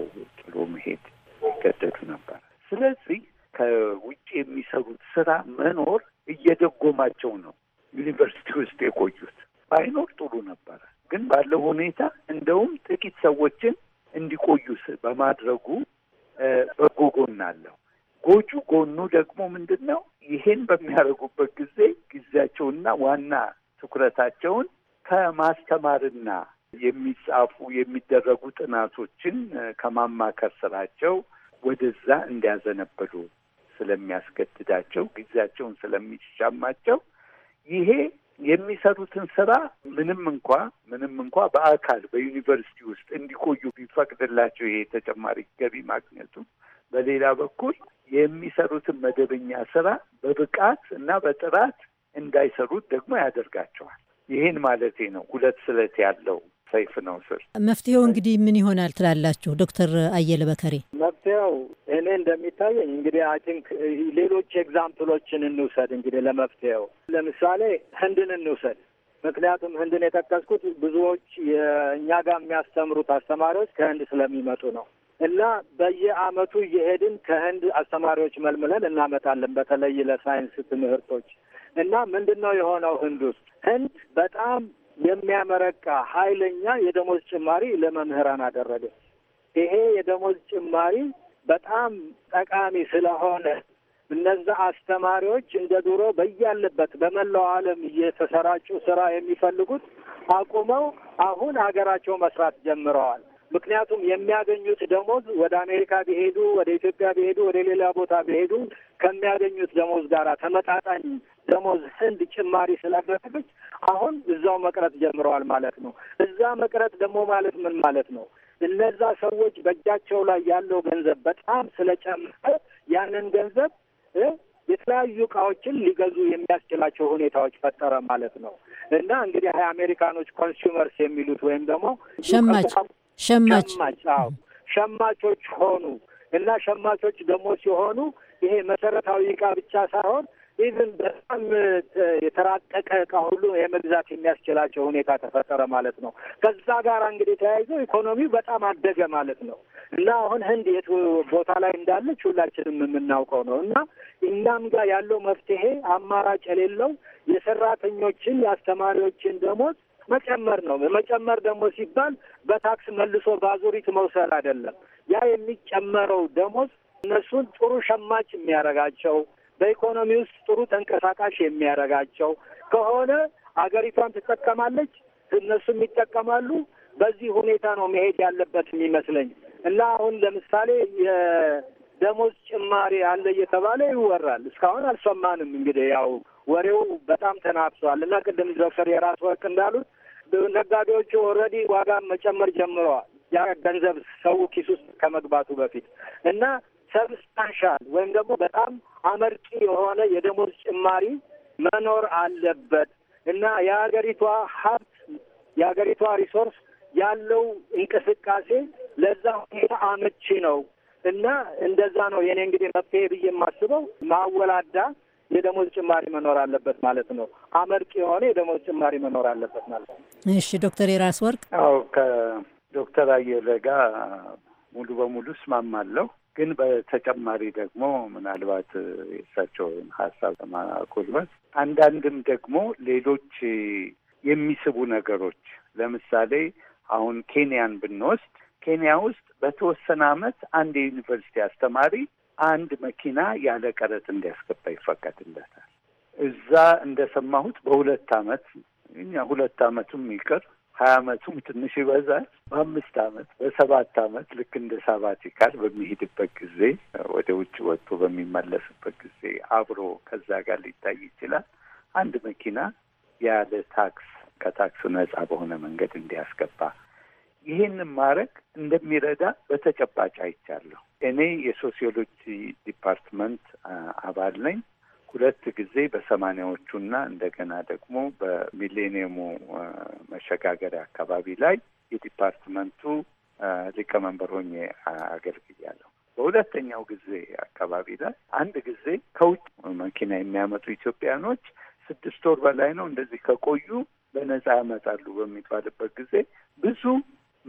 ጥሎ መሄድ ይገደዱ ነበር። ስለዚህ ከውጭ የሚሰሩት ስራ መኖር እየደጎማቸው ነው ዩኒቨርሲቲ ውስጥ የቆዩት። ባይኖር ጥሩ ነበረ። ግን ባለው ሁኔታ እንደውም ጥቂት ሰዎችን እንዲቆዩ በማድረጉ በጎ ጎን አለው። ጎጁ ጎኑ ደግሞ ምንድን ነው? ይሄን በሚያደርጉበት ጊዜ ጊዜያቸውና ዋና ትኩረታቸውን ከማስተማርና የሚጻፉ የሚደረጉ ጥናቶችን ከማማከር ስራቸው ወደዛ እንዲያዘነብሉ ስለሚያስገድዳቸው ጊዜያቸውን ስለሚሻማቸው ይሄ የሚሰሩትን ስራ ምንም እንኳ ምንም እንኳ በአካል በዩኒቨርሲቲ ውስጥ እንዲቆዩ ቢፈቅድላቸው ይሄ ተጨማሪ ገቢ ማግኘቱ፣ በሌላ በኩል የሚሰሩትን መደበኛ ስራ በብቃት እና በጥራት እንዳይሰሩት ደግሞ ያደርጋቸዋል። ይህን ማለቴ ነው። ሁለት ስለት ያለው ሰይፍ ነው ስር መፍትሄው እንግዲህ ምን ይሆናል ትላላችሁ ዶክተር አየለ በከሬ? መፍትሄው እኔ እንደሚታየኝ እንግዲህ አይ ቲንክ ሌሎች ኤግዛምፕሎችን እንውሰድ እንግዲህ ለመፍትሄው ለምሳሌ ህንድን እንውሰድ። ምክንያቱም ህንድን የጠቀስኩት ብዙዎች የእኛ ጋር የሚያስተምሩት አስተማሪዎች ከህንድ ስለሚመጡ ነው እና በየአመቱ እየሄድን ከህንድ አስተማሪዎች መልምለን እናመጣለን በተለይ ለሳይንስ ትምህርቶች እና ምንድን ነው የሆነው ህንድ ውስጥ ህንድ በጣም የሚያመረቃ ኃይለኛ የደሞዝ ጭማሪ ለመምህራን አደረገ። ይሄ የደሞዝ ጭማሪ በጣም ጠቃሚ ስለሆነ እነዛ አስተማሪዎች እንደ ድሮ በያለበት በመላው ዓለም እየተሰራጩ ስራ የሚፈልጉት አቁመው አሁን ሀገራቸው መስራት ጀምረዋል። ምክንያቱም የሚያገኙት ደሞዝ ወደ አሜሪካ ቢሄዱ፣ ወደ ኢትዮጵያ ቢሄዱ፣ ወደ ሌላ ቦታ ቢሄዱ ከሚያገኙት ደሞዝ ጋር ተመጣጣኝ ደሞዝ ህንድ ጭማሪ ስላደረገች አሁን እዛው መቅረት ጀምረዋል ማለት ነው። እዛ መቅረት ደግሞ ማለት ምን ማለት ነው? እነዛ ሰዎች በእጃቸው ላይ ያለው ገንዘብ በጣም ስለጨመረ ያንን ገንዘብ የተለያዩ እቃዎችን ሊገዙ የሚያስችላቸው ሁኔታዎች ፈጠረ ማለት ነው። እና እንግዲህ አሜሪካኖች ኮንሱመርስ የሚሉት ወይም ደግሞ ሸማች ሸማች ሸማቾች ሆኑ እና ሸማቾች ደግሞ ሲሆኑ ይሄ መሰረታዊ እቃ ብቻ ሳይሆን ኢቭን በጣም የተራቀቀ እቃ ሁሉ የመግዛት የሚያስችላቸው ሁኔታ ተፈጠረ ማለት ነው። ከዛ ጋር እንግዲህ ተያይዞ ኢኮኖሚው በጣም አደገ ማለት ነው እና አሁን ህንድ የት ቦታ ላይ እንዳለች ሁላችንም የምናውቀው ነው እና እኛም ጋር ያለው መፍትሄ አማራጭ የሌለው የሰራተኞችን የአስተማሪዎችን ደሞዝ መጨመር ነው። መጨመር ደግሞ ሲባል በታክስ መልሶ በአዙሪት መውሰድ አይደለም። ያ የሚጨመረው ደሞዝ እነሱን ጥሩ ሸማች የሚያደርጋቸው በኢኮኖሚ ውስጥ ጥሩ ተንቀሳቃሽ የሚያደርጋቸው ከሆነ አገሪቷን ትጠቀማለች፣ እነሱም ይጠቀማሉ። በዚህ ሁኔታ ነው መሄድ ያለበት የሚመስለኝ እና አሁን ለምሳሌ የደሞዝ ጭማሪ አለ እየተባለ ይወራል። እስካሁን አልሰማንም። እንግዲህ ያው ወሬው በጣም ተናፍሷል እና ቅድም ዶክተር የራስ ወርቅ እንዳሉት ነጋዴዎቹ ኦልሬዲ ዋጋ መጨመር ጀምረዋል። ያ ገንዘብ ሰው ኪስ ውስጥ ከመግባቱ በፊት እና ሰብስታንሻል ወይም ደግሞ በጣም አመርቂ የሆነ የደሞዝ ጭማሪ መኖር አለበት እና የሀገሪቷ ሀብት የሀገሪቷ ሪሶርስ ያለው እንቅስቃሴ ለዛ ሁኔታ አመቺ ነው እና እንደዛ ነው የኔ እንግዲህ መፍትሄ ብዬ የማስበው ማወላዳ የደሞዝ ጭማሪ መኖር አለበት ማለት ነው። አመርቂ የሆነ የደሞዝ ጭማሪ መኖር አለበት ማለት ነው። እሺ ዶክተር የራስ ወርቅ አዎ፣ ከዶክተር አየለ ጋር ሙሉ በሙሉ እስማማለሁ። ግን በተጨማሪ ደግሞ ምናልባት የእሳቸውን ሀሳብ ለማጎልበት አንዳንድም ደግሞ ሌሎች የሚስቡ ነገሮች ለምሳሌ አሁን ኬንያን ብንወስድ ኬንያ ውስጥ በተወሰነ ዓመት አንድ የዩኒቨርሲቲ አስተማሪ አንድ መኪና ያለ ቀረጥ እንዲያስገባ ይፈቀድለታል። እዛ እንደሰማሁት በሁለት ዓመት ሁለት ዓመቱም ይቅር ሀያ አመቱም ትንሽ ይበዛል። በአምስት አመት በሰባት አመት ልክ እንደ ሳባቲካል በሚሄድበት ጊዜ ወደ ውጭ ወጥቶ በሚመለስበት ጊዜ አብሮ ከዛ ጋር ሊታይ ይችላል። አንድ መኪና ያለ ታክስ ከታክሱ ነጻ በሆነ መንገድ እንዲያስገባ ይህንን ማድረግ እንደሚረዳ በተጨባጭ አይቻለሁ። እኔ የሶሲዮሎጂ ዲፓርትመንት አባል ነኝ። ሁለት ጊዜ እና እንደገና ደግሞ በሚሌኒየሙ መሸጋገሪያ አካባቢ ላይ የዲፓርትመንቱ ሊቀመንበር ሆኜ አገልግያለሁ። በሁለተኛው ጊዜ አካባቢ ላይ አንድ ጊዜ ከውጭ መኪና የሚያመጡ ኢትዮጵያኖች ስድስት ወር በላይ ነው እንደዚህ ከቆዩ በነጻ ያመጣሉ በሚባልበት ጊዜ ብዙ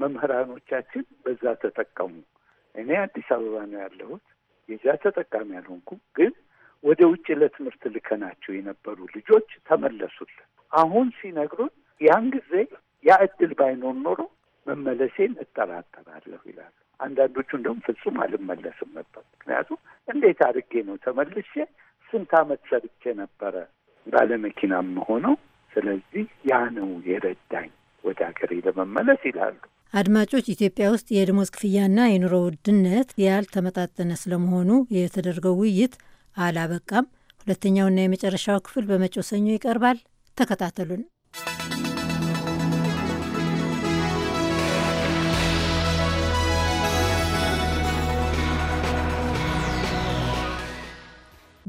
መምህራኖቻችን በዛ ተጠቀሙ። እኔ አዲስ አበባ ነው ያለሁት፣ የዛ ተጠቃሚ አልሆንኩም ግን ወደ ውጭ ለትምህርት ልከናቸው የነበሩ ልጆች ተመለሱልን። አሁን ሲነግሩን ያን ጊዜ ያ እድል ባይኖር ኖሮ መመለሴን እጠራጠራለሁ ይላሉ። አንዳንዶቹ እንደውም ፍጹም አልመለስም ነበር። ምክንያቱም እንዴት አድርጌ ነው ተመልሼ ስንት አመት ሰርቼ ነበረ ባለመኪናም ሆነው። ስለዚህ ያ ነው የረዳኝ ወደ ሀገሬ ለመመለስ ይላሉ። አድማጮች፣ ኢትዮጵያ ውስጥ የደሞዝ ክፍያና የኑሮ ውድነት ያልተመጣጠነ ስለመሆኑ የተደረገው ውይይት አላበቃም። ሁለተኛውና የመጨረሻው ክፍል በመጪው ሰኞ ይቀርባል። ተከታተሉን።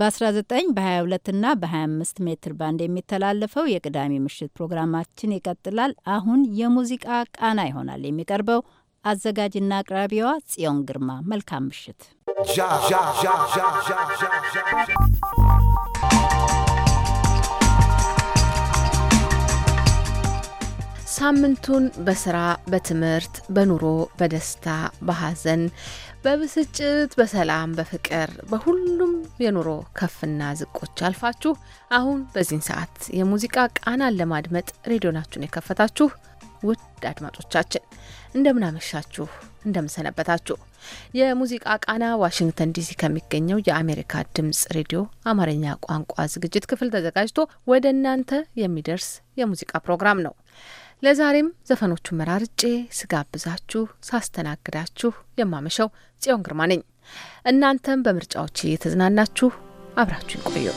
በ19 በ22 እና በ25 ሜትር ባንድ የሚተላለፈው የቅዳሜ ምሽት ፕሮግራማችን ይቀጥላል። አሁን የሙዚቃ ቃና ይሆናል የሚቀርበው። አዘጋጅና አቅራቢዋ ጽዮን ግርማ። መልካም ምሽት። ሳምንቱን በስራ በትምህርት፣ በኑሮ፣ በደስታ፣ በሐዘን፣ በብስጭት፣ በሰላም፣ በፍቅር፣ በሁሉም የኑሮ ከፍና ዝቆች አልፋችሁ አሁን በዚህን ሰዓት የሙዚቃ ቃናን ለማድመጥ ሬዲዮናችሁን የከፈታችሁ ውድ አድማጮቻችን እንደምናመሻችሁ እንደምንሰነበታችሁ። የሙዚቃ ቃና ዋሽንግተን ዲሲ ከሚገኘው የአሜሪካ ድምጽ ሬዲዮ አማርኛ ቋንቋ ዝግጅት ክፍል ተዘጋጅቶ ወደ እናንተ የሚደርስ የሙዚቃ ፕሮግራም ነው። ለዛሬም ዘፈኖቹን መራርጬ ስጋብዛችሁ ሳስተናግዳችሁ የማመሸው ጽዮን ግርማ ነኝ። እናንተም በምርጫዎች እየተዝናናችሁ አብራችሁ ይቆየው።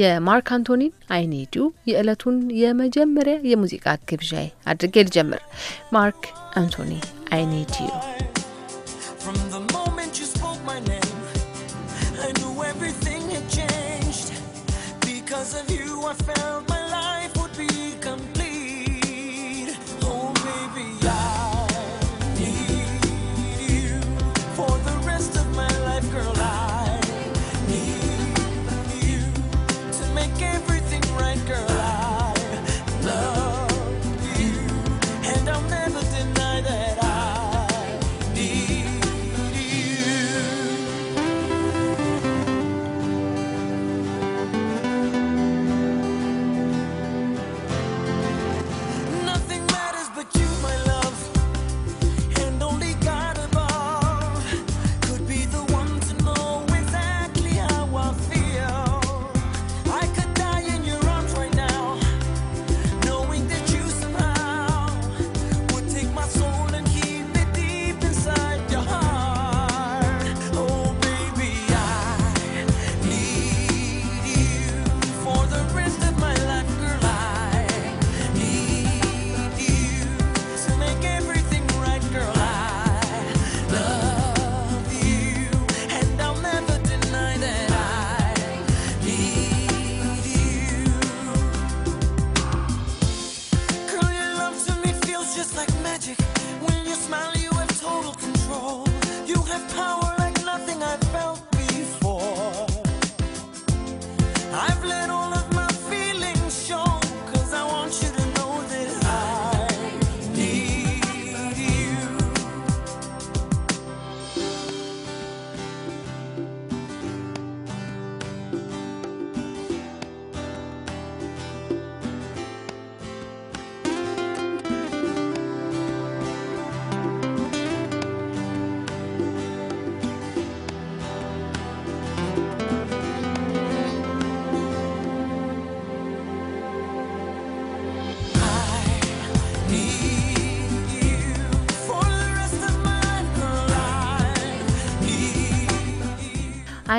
የማርክ አንቶኒን አይኔዱ የዕለቱን የመጀመሪያ የሙዚቃ ግብዣይ አድርጌ ልጀምር። ማርክ አንቶኒ አይኔዲዩ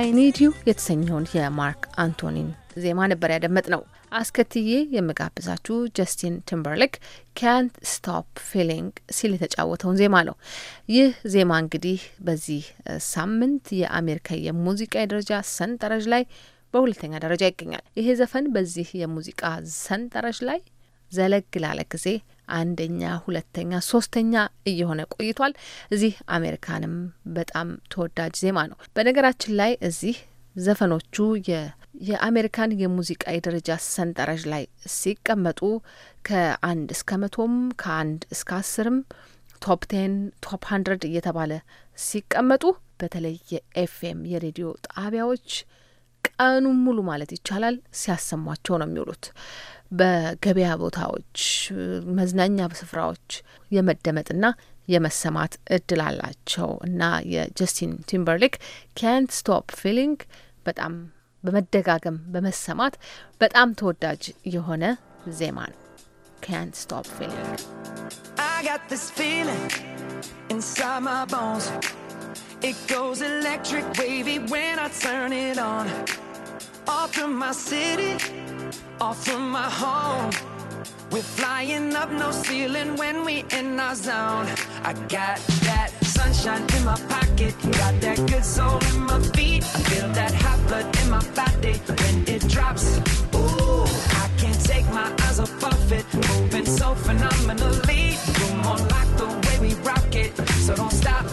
ዩ የተሰኘውን የማርክ አንቶኒን ዜማ ነበር ያደመጥ ነው። አስከትዬ የምጋብዛችሁ ጀስቲን ቲምበርሊክ ካንት ስቶፕ ፊሊንግ ሲል የተጫወተውን ዜማ ነው። ይህ ዜማ እንግዲህ በዚህ ሳምንት የአሜሪካ የሙዚቃ የደረጃ ሰንጠረዥ ላይ በሁለተኛ ደረጃ ይገኛል። ይሄ ዘፈን በዚህ የሙዚቃ ሰንጠረዥ ላይ ዘለግ ላለ ጊዜ አንደኛ፣ ሁለተኛ፣ ሶስተኛ እየሆነ ቆይቷል። እዚህ አሜሪካንም በጣም ተወዳጅ ዜማ ነው። በነገራችን ላይ እዚህ ዘፈኖቹ የአሜሪካን የሙዚቃ የደረጃ ሰንጠረዥ ላይ ሲቀመጡ ከአንድ እስከ መቶም ከአንድ እስከ አስርም ቶፕ ቴን ቶፕ ሀንድረድ እየተባለ ሲቀመጡ በተለይ የኤፍኤም የሬዲዮ ጣቢያዎች ቀኑን ሙሉ ማለት ይቻላል ሲያሰሟቸው ነው የሚውሉት። በገበያ ቦታዎች፣ መዝናኛ ስፍራዎች የመደመጥና የመሰማት እድል አላቸው እና የጀስቲን ቲምበርሊክ ካንት ስቶፕ ፊሊንግ በጣም በመደጋገም በመሰማት በጣም ተወዳጅ የሆነ ዜማ ነው። ካንት ስቶፕ ፊሊንግ I got this feeling inside my bones. It goes electric wavy when I turn it on. my city off from my home. We're flying up no ceiling when we in our zone. I got that sunshine in my pocket, got that good soul in my feet. I feel that hot blood in my body when it drops. Ooh, I can't take my eyes off it, moving so phenomenally. Come on, like the way we rock it, so don't stop.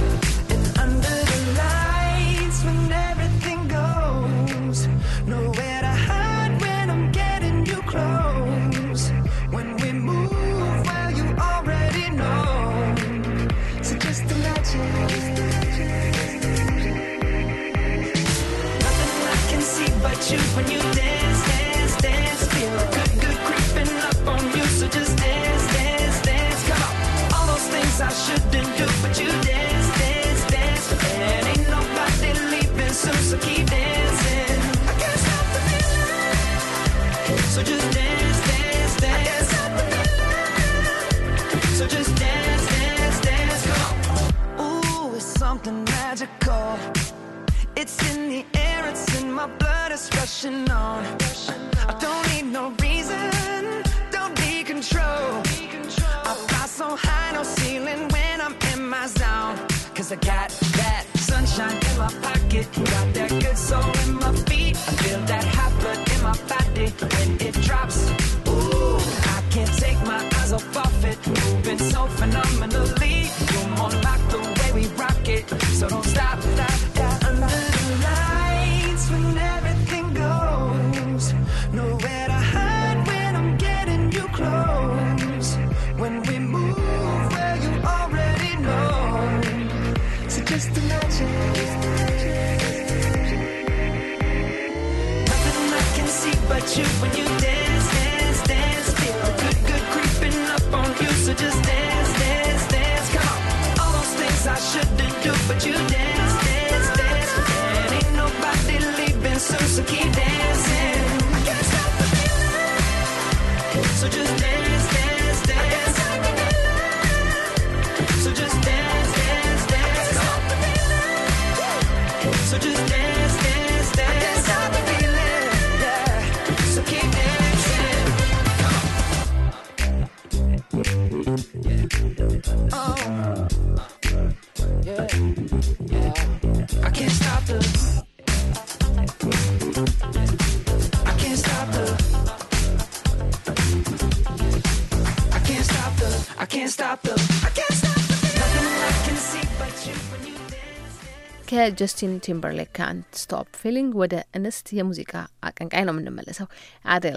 ከጀስቲን ቲምበርሌክ ካንት ስቶፕ ፊሊንግ ወደ እንስት የሙዚቃ አቀንቃይ ነው የምንመለሰው። አዴል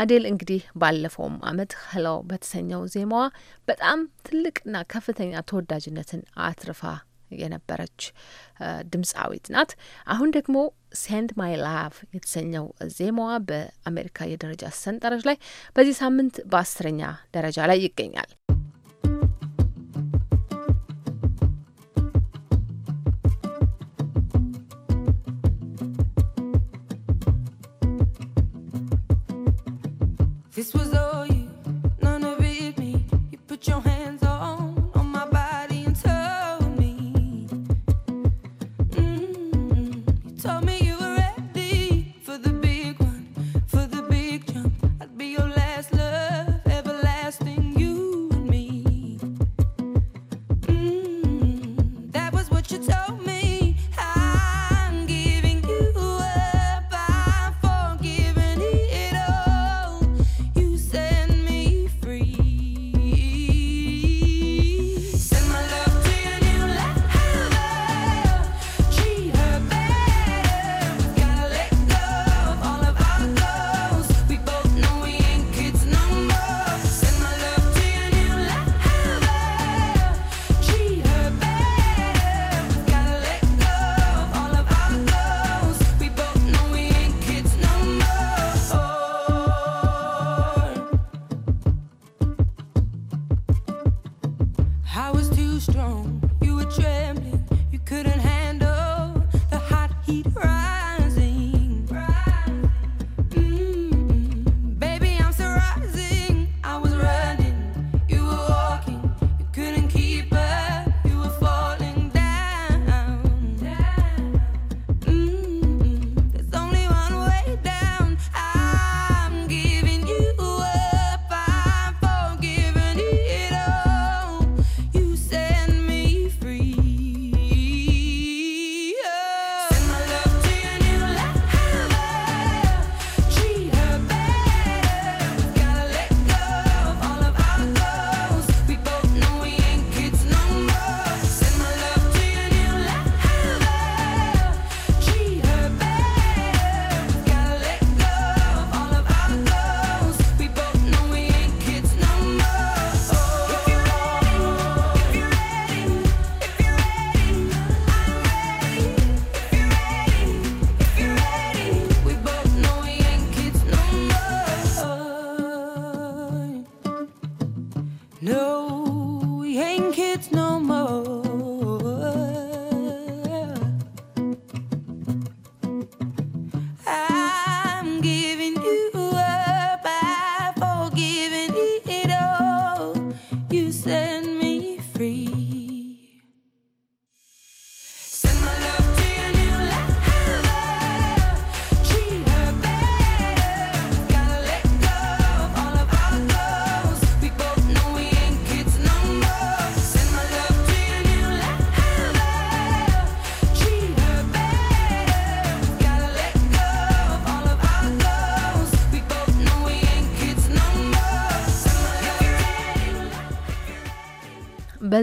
አዴል እንግዲህ ባለፈውም አመት ሄሎ በተሰኘው ዜማዋ በጣም ትልቅና ከፍተኛ ተወዳጅነትን አትርፋ የነበረች ድምፃዊት ናት። አሁን ደግሞ ሴንድ ማይ ላቭ የተሰኘው ዜማዋ በአሜሪካ የደረጃ ሰንጠረዥ ላይ በዚህ ሳምንት በአስረኛ ደረጃ ላይ ይገኛል።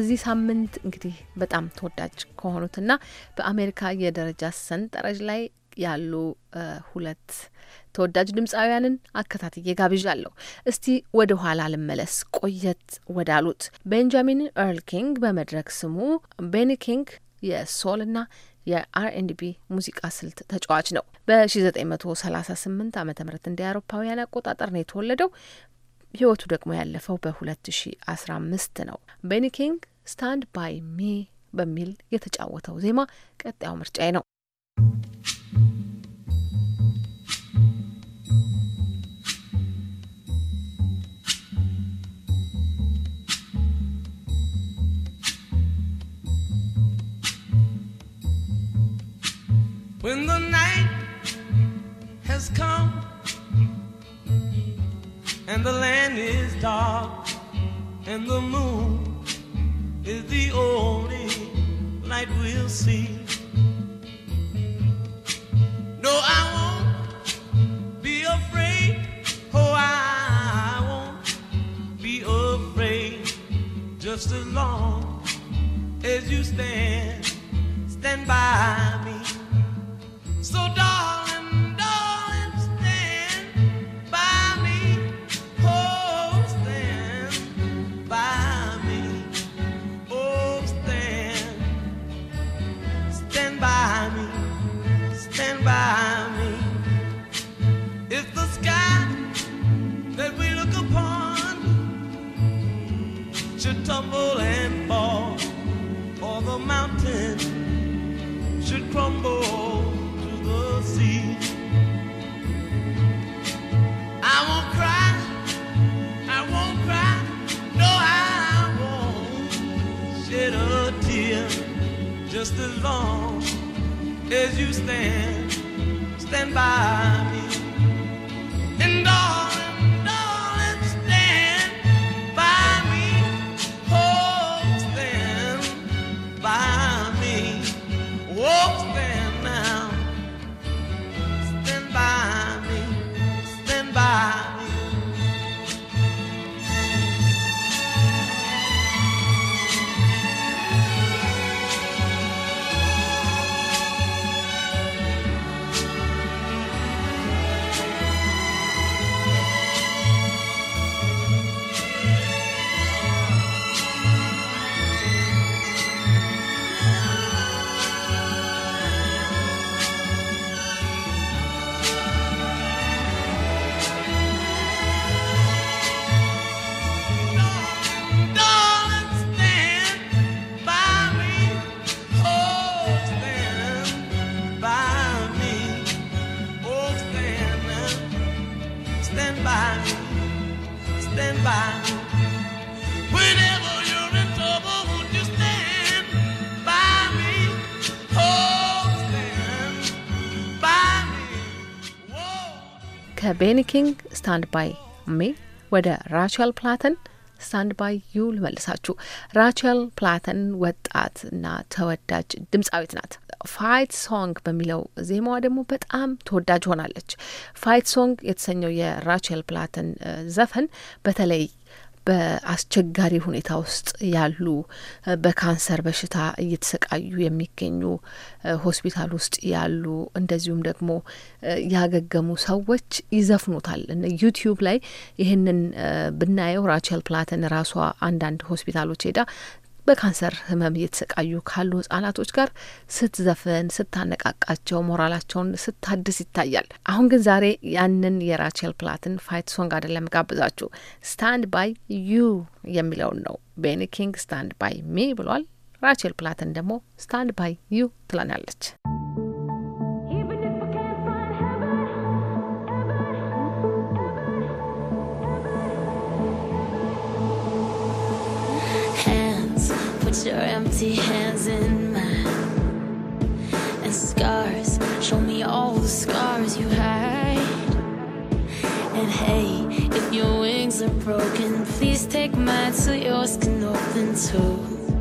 በዚህ ሳምንት እንግዲህ በጣም ተወዳጅ ከሆኑትና በአሜሪካ የደረጃ ሰንጠረዥ ላይ ያሉ ሁለት ተወዳጅ ድምፃውያንን አከታትዬ ጋብዣለሁ። እስቲ ወደ ኋላ ልመለስ፣ ቆየት ወዳሉት ቤንጃሚን ኤርል ኪንግ በመድረክ ስሙ ቤኒ ኪንግ የሶል ና የአርኤንዲቢ ሙዚቃ ስልት ተጫዋች ነው። በ1938 ዓ ም እንደ አውሮፓውያን አቆጣጠር ነው የተወለደው። ህይወቱ ደግሞ ያለፈው በ2015 ነው። ቤኒ ኪንግ ስታንድ ባይ ሚ በሚል የተጫወተው ዜማ ቀጣዩ ምርጫዬ ነው። When the night has come and the land is dark and the moon is the only light we'll see. No, I won't be afraid. Oh, I won't be afraid. Just as long as you stand, stand by me. So, darling. ከቤኒ ኪንግ ስታንድ ባይ ሜ ወደ ራቸል ፕላተን ስታንድ ባይ ዩ ልመልሳችሁ። ራቸል ፕላተን ወጣትና ተወዳጅ ድምፃዊት ናት። ፋይት ሶንግ በሚለው ዜማዋ ደግሞ በጣም ተወዳጅ ሆናለች። ፋይት ሶንግ የተሰኘው የራቸል ፕላተን ዘፈን በተለይ በአስቸጋሪ ሁኔታ ውስጥ ያሉ በካንሰር በሽታ እየተሰቃዩ የሚገኙ ሆስፒታል ውስጥ ያሉ እንደዚሁም ደግሞ ያገገሙ ሰዎች ይዘፍኑታል። ዩቲዩብ ላይ ይህንን ብናየው ራቸል ፕላተን ራሷ አንዳንድ ሆስፒታሎች ሄዳ በካንሰር ህመም እየተሰቃዩ ካሉ ህጻናቶች ጋር ስትዘፍን፣ ስታነቃቃቸው፣ ሞራላቸውን ስታድስ ይታያል። አሁን ግን ዛሬ ያንን የራቸል ፕላትን ፋይት ሶንግ አይደለም ጋብዛችሁ ስታንድ ባይ ዩ የሚለውን ነው። ቤኒ ኪንግ ስታንድ ባይ ሚ ብሏል። ራቸል ፕላትን ደግሞ ስታንድ ባይ ዩ ትለናለች። Put your empty hands in mine. And scars, show me all the scars you hide. And hey, if your wings are broken, please take mine so yours can open too.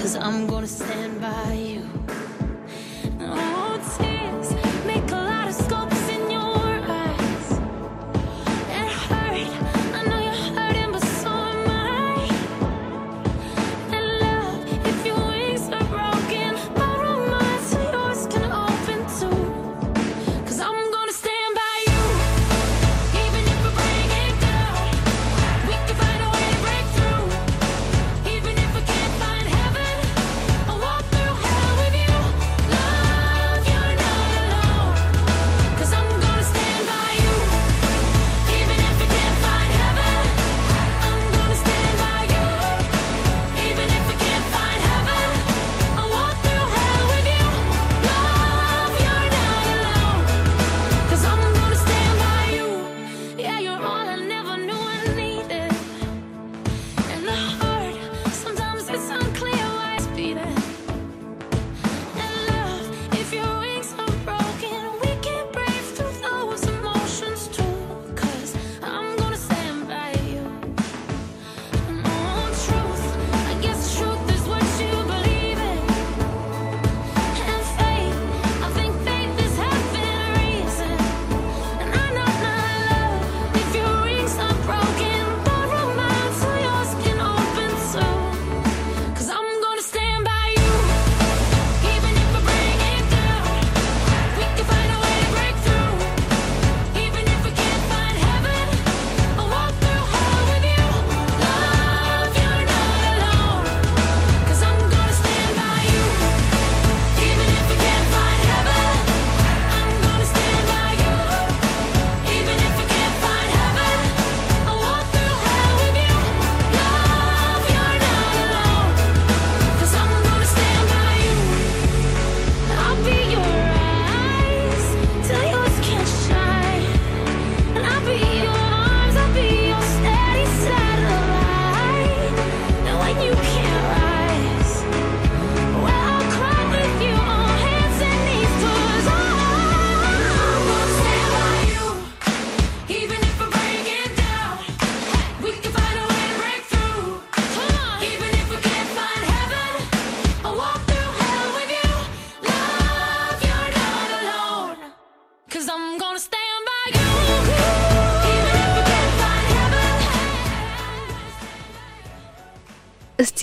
Cause I'm gonna stand by you. Oh,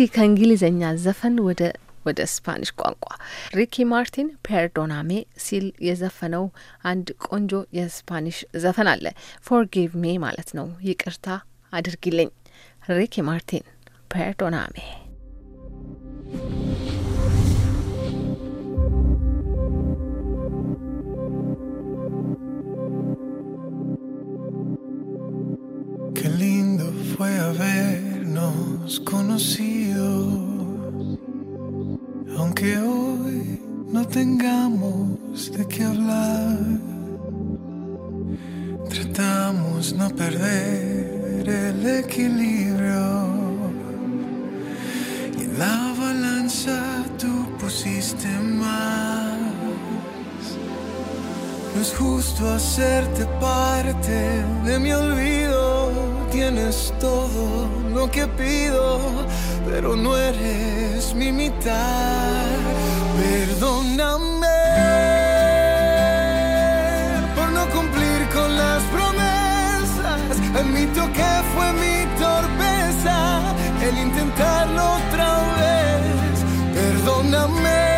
እስቲ ከእንግሊዝኛ ዘፈን ወደ ወደ ስፓኒሽ ቋንቋ ሪኪ ማርቲን ፔርዶናሜ ሲል የዘፈነው አንድ ቆንጆ የስፓኒሽ ዘፈን አለ። ፎርጊቭ ሜ ማለት ነው፣ ይቅርታ አድርጊልኝ። ሪኪ ማርቲን ፐርዶናሜ Qué lindo fue conocidos, aunque hoy no tengamos de qué hablar. Tratamos no perder el equilibrio y en la balanza tú pusiste más es justo hacerte parte de mi olvido. Tienes todo lo que pido, pero no eres mi mitad. Perdóname por no cumplir con las promesas. Admito que fue mi torpeza el intentarlo otra vez. Perdóname.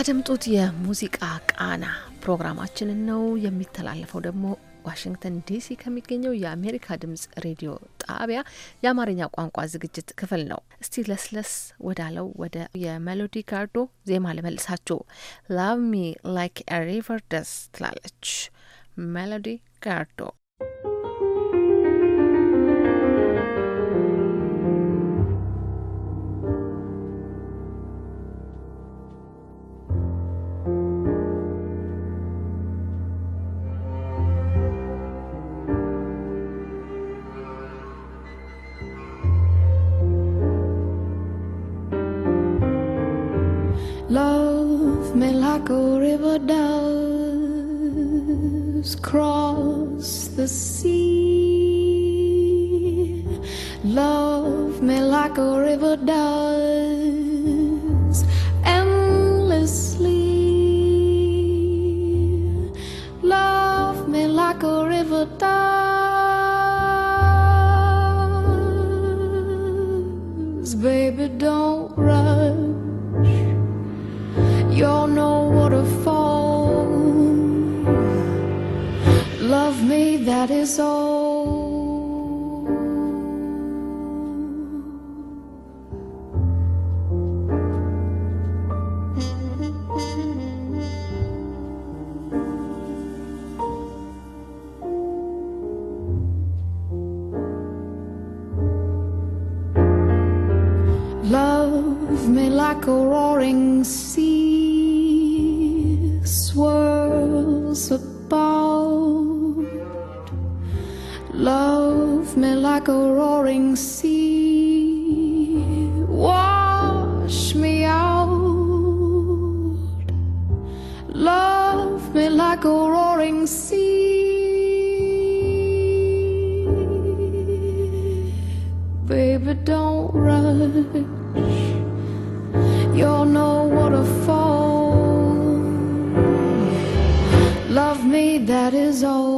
የምታደምጡት የሙዚቃ ቃና ፕሮግራማችንን ነው። የሚተላለፈው ደግሞ ዋሽንግተን ዲሲ ከሚገኘው የአሜሪካ ድምጽ ሬዲዮ ጣቢያ የአማርኛ ቋንቋ ዝግጅት ክፍል ነው። እስቲ ለስለስ ወዳለው ወደ የሜሎዲ ጋርዶ ዜማ ልመልሳችሁ። ላቭ ሚ ላይክ ኤ ሪቨር ደስ ትላለች ሜሎዲ ጋርዶ like a roaring sea. Wash me out, love me like a roaring sea. Baby, don't rush. You're no waterfall. Love me, that is all.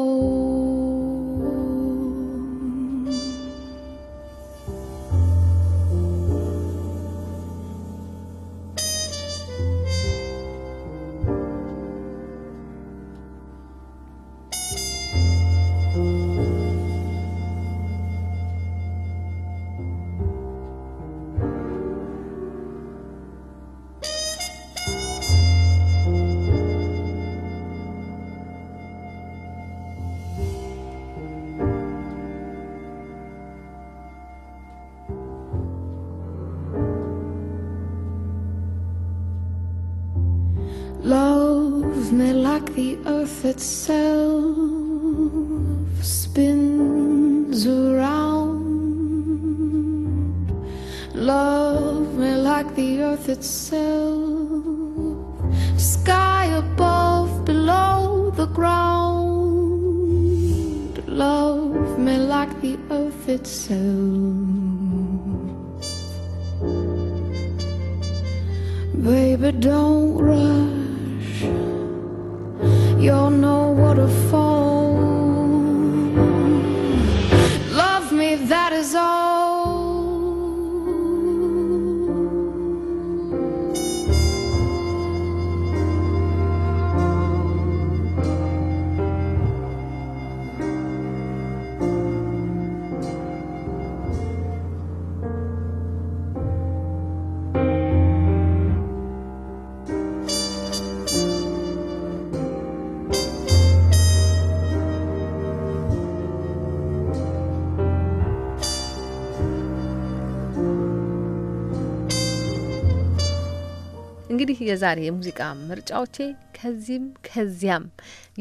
እንግዲህ የዛሬ የሙዚቃ ምርጫዎቼ ከዚህም ከዚያም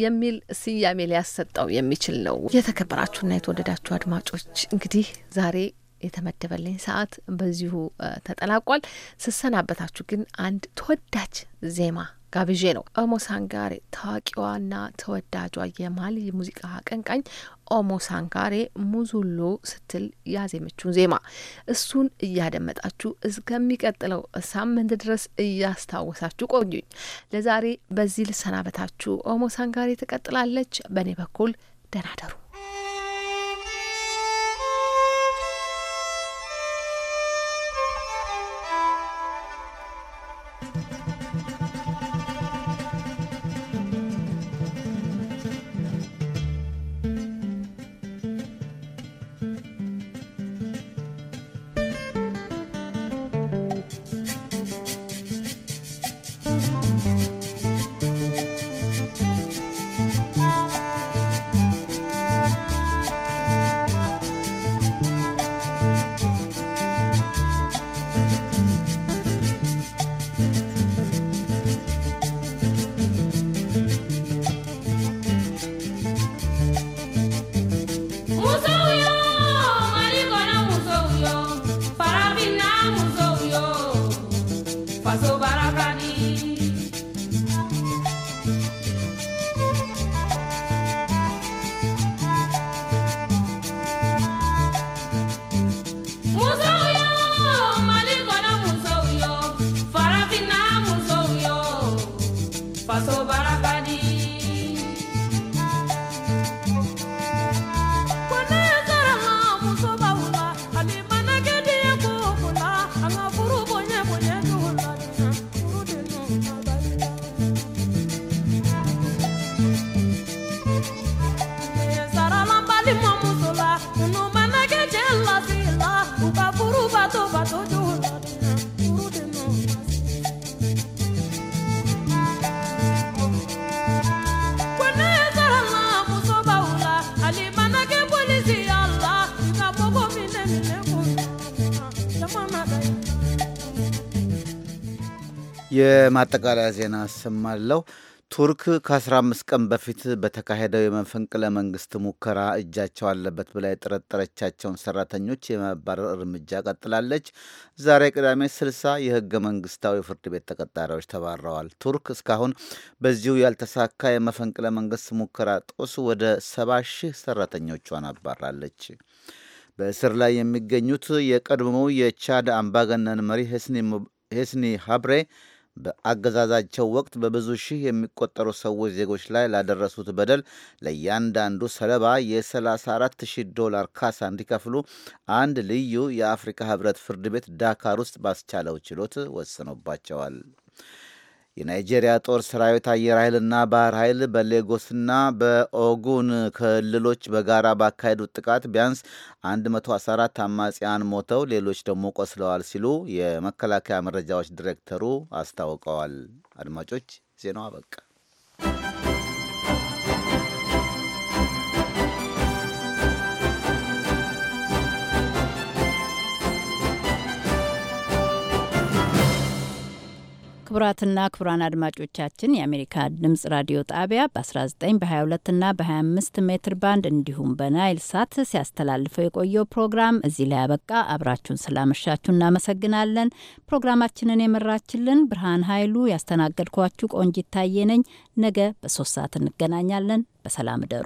የሚል ስያሜ ሊያሰጠው የሚችል ነው። የተከበራችሁና የተወደዳችሁ አድማጮች እንግዲህ ዛሬ የተመደበልኝ ሰዓት በዚሁ ተጠላቋል። ስሰናበታችሁ ግን አንድ ተወዳጅ ዜማ ጋብዤ ነው። ኦሞሳንጋሬ ታዋቂዋና ተወዳጇ የማሊ ሙዚቃ አቀንቃኝ ኦሞሳንጋሬ ሙዙሎ ስትል ያዜመችውን ዜማ እሱን እያደመጣችሁ እስከሚቀጥለው ሳምንት ድረስ እያስታወሳችሁ ቆዩኝ። ለዛሬ በዚህ ልሰናበታችሁ። ኦሞሳንጋሬ ትቀጥላለች። በእኔ በኩል ደናደሩ የማጠቃለያ ዜና አሰማለሁ። ቱርክ ከ15 ቀን በፊት በተካሄደው የመፈንቅለ መንግስት ሙከራ እጃቸው አለበት ብላ የጠረጠረቻቸውን ሰራተኞች የማባረር እርምጃ ቀጥላለች። ዛሬ ቅዳሜ 60 የህገ መንግስታዊ ፍርድ ቤት ተቀጣሪዎች ተባረዋል። ቱርክ እስካሁን በዚሁ ያልተሳካ የመፈንቅለ መንግስት ሙከራ ጦስ ወደ 70 ሺህ ሰራተኞቿን አባራለች። በእስር ላይ የሚገኙት የቀድሞው የቻድ አምባገነን መሪ ሄስኒ ሀብሬ በአገዛዛቸው ወቅት በብዙ ሺህ የሚቆጠሩ ሰዎች ዜጎች ላይ ላደረሱት በደል ለእያንዳንዱ ሰለባ የ34,000 ዶላር ካሳ እንዲከፍሉ አንድ ልዩ የአፍሪካ ሕብረት ፍርድ ቤት ዳካር ውስጥ ባስቻለው ችሎት ወስኖባቸዋል። የናይጄሪያ ጦር ሰራዊት አየር ኃይልና ባህር ኃይል በሌጎስና በኦጉን ክልሎች በጋራ ባካሄዱት ጥቃት ቢያንስ 114 አማጽያን ሞተው ሌሎች ደግሞ ቆስለዋል ሲሉ የመከላከያ መረጃዎች ዲሬክተሩ አስታውቀዋል። አድማጮች ዜናው አበቃ። ክቡራትና ክቡራን አድማጮቻችን የአሜሪካ ድምጽ ራዲዮ ጣቢያ በ19 በ22ና በ25 ሜትር ባንድ እንዲሁም በናይል ሳት ሲያስተላልፈው የቆየው ፕሮግራም እዚህ ላይ ያበቃ። አብራችሁን ስላመሻችሁ እናመሰግናለን። ፕሮግራማችንን የመራችልን ብርሃን ኃይሉ፣ ያስተናገድኳችሁ ቆንጂት ታዬ ነኝ። ነገ በሶስት ሰዓት እንገናኛለን። በሰላም ደሩ።